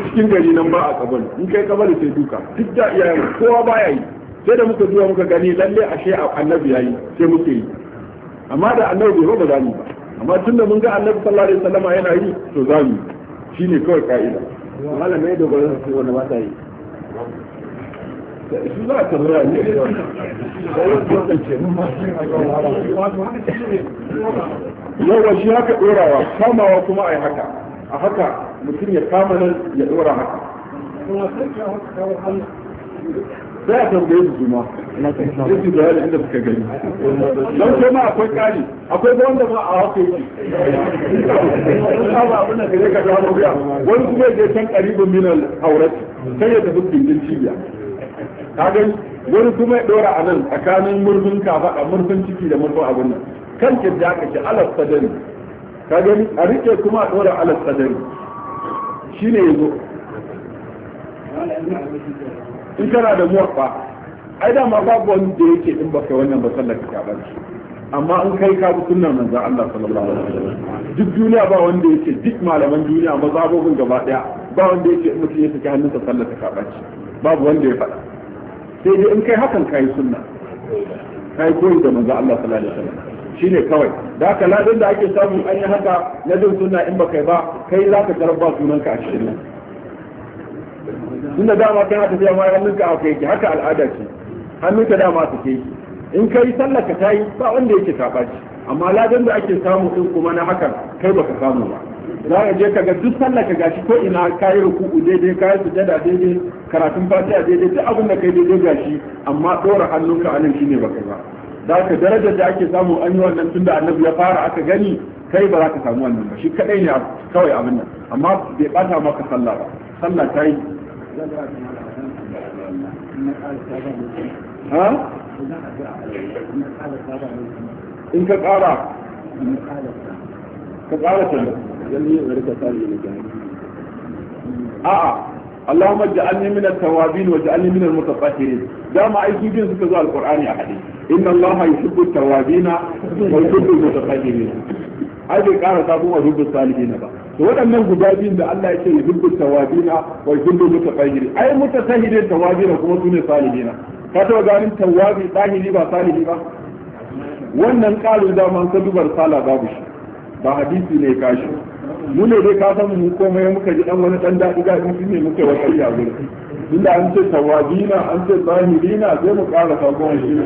cikin gari nan ba a kabal in kai kabal sai duka duk da yi kowa ba ya yi sai da muka zuwa muka gani lalle ashe annabi yayi sai muke yi amma da annabi bai ba za ba amma tun da mun ga annabi sallallahu alaihi wasallam yana yi to za mu shine kawai ka'ida malamai da gwanin su wanda ba ta yi su za ka zura ne da yawa shi haka ɗorawa kamawa kuma a yi haka a haka mutum ya kama nan ya ɗora haka za a tambaye su zuma ya su da yadda inda suka gani don ko ma akwai kari akwai ba wanda ma a haka yi ba abin da ka je ka wani kuma ya je can ƙaribin minal aurat sai ya tafi bindin cibiya kaga wani kuma ya dora a nan tsakanin murfin a murfin ciki da murfin abin nan kan da aka ce alas sadari ka gani a rike kuma a dora alas sadari shi ne ya zo in kana da muwafa ai dama babu wani da yake in baka wannan ba sallaka ka ba amma in kai ka bi sunnar manzo Allah sallallahu alaihi wasallam duk duniya ba wanda yake duk malaman duniya mazhabobin gaba daya ba wanda yake in mutum ya saki hannunsa sallar ka ba babu wanda ya faɗa sai dai in kai hakan kai sunna kai koyi da manzo Allah sallallahu alaihi wasallam shine kawai da ka ladan da ake samu an yi haka na bin sunna in baka ba kai za ka sunan sunanka a cikin nan tunda dama kana tafiya ma ka a kai haka al'ada ce hannunka dama ta ke in kai sallar ka tayi ba wanda yake taɓa amma ladan da ake samu din kuma na hakan kai baka samu ba za ka je ka ga duk sallah ka gashi ko ina kayi ruku'u daidai kayi sujada daidai karatun fatiha daidai duk abin da kai daidai gashi amma dora hannunka anan shine baka ba za ka darajar da ake samu an yi wannan tunda annabi ya fara aka gani kai ba za ka samu wannan ba shi kadai ne kawai abin nan amma bai bata maka sallah ba sallah ta yi ha in ka kara ka kara sallah jami'in rika sani ne ga a'a Allahumma ja'alni min at-tawabin wa ja'alni min al-mutatahhirin dama aiki bin suka zo al alqur'ani a hadi inna Allaha yuhibbu at-tawabina wa yuhibbu al-mutatahhirin ai bai kara sabon wa yuhibbu salihina ba to waɗannan guda biyun da Allah yake yuhibbu tawabina wa yuhibbu mutatahhirin ai mutatahhirin tawabina kuma sune salihina ka taba ganin tawabi zahiri ba salihi ba wannan ƙarin daman ka dubar sala babu shi ba hadisi ne kashi mu ne dai ka san mu komai muka ji dan wani dan daɗi ga shi ne muke wata iya gurin inda an ce tawabina an ce zahirina sai mu ƙara sabon shi ne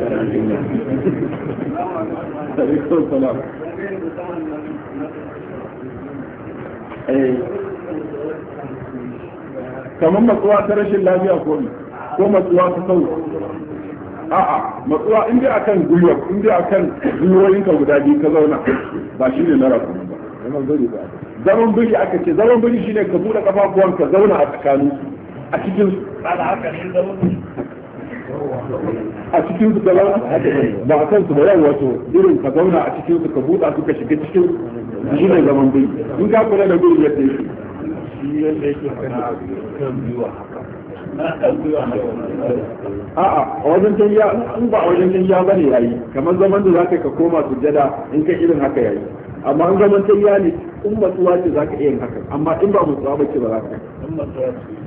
eh. kamar matsuwa ta rashin lafiya ko ne ko matsuwa ta sau a'a matsuwa in dai akan gwiwa in dai akan gwiwoyinka guda biyu ka zauna ba shi ne na rafi ba zaman biri ba zaman biri aka ce zaman biri shine ka bude kafafuwan ka zauna a tsakanin a cikin zaman a cikin su kalan ba a kansu ba yan wato irin ka zauna a cikin su ka buɗa su ka shiga cikin shi ne zaman biri in ka kula da biri yadda yake shi yadda yake kan biyuwa a'a a wajen tayya in ba a wajen tayya bane yayi kamar zaman da zaka ka koma sujjada in kai irin haka yayi amma an zaman tayya ne in matsuwa ce za ka iya yin hakan amma in ba matsuwa ba ce ba za ka yi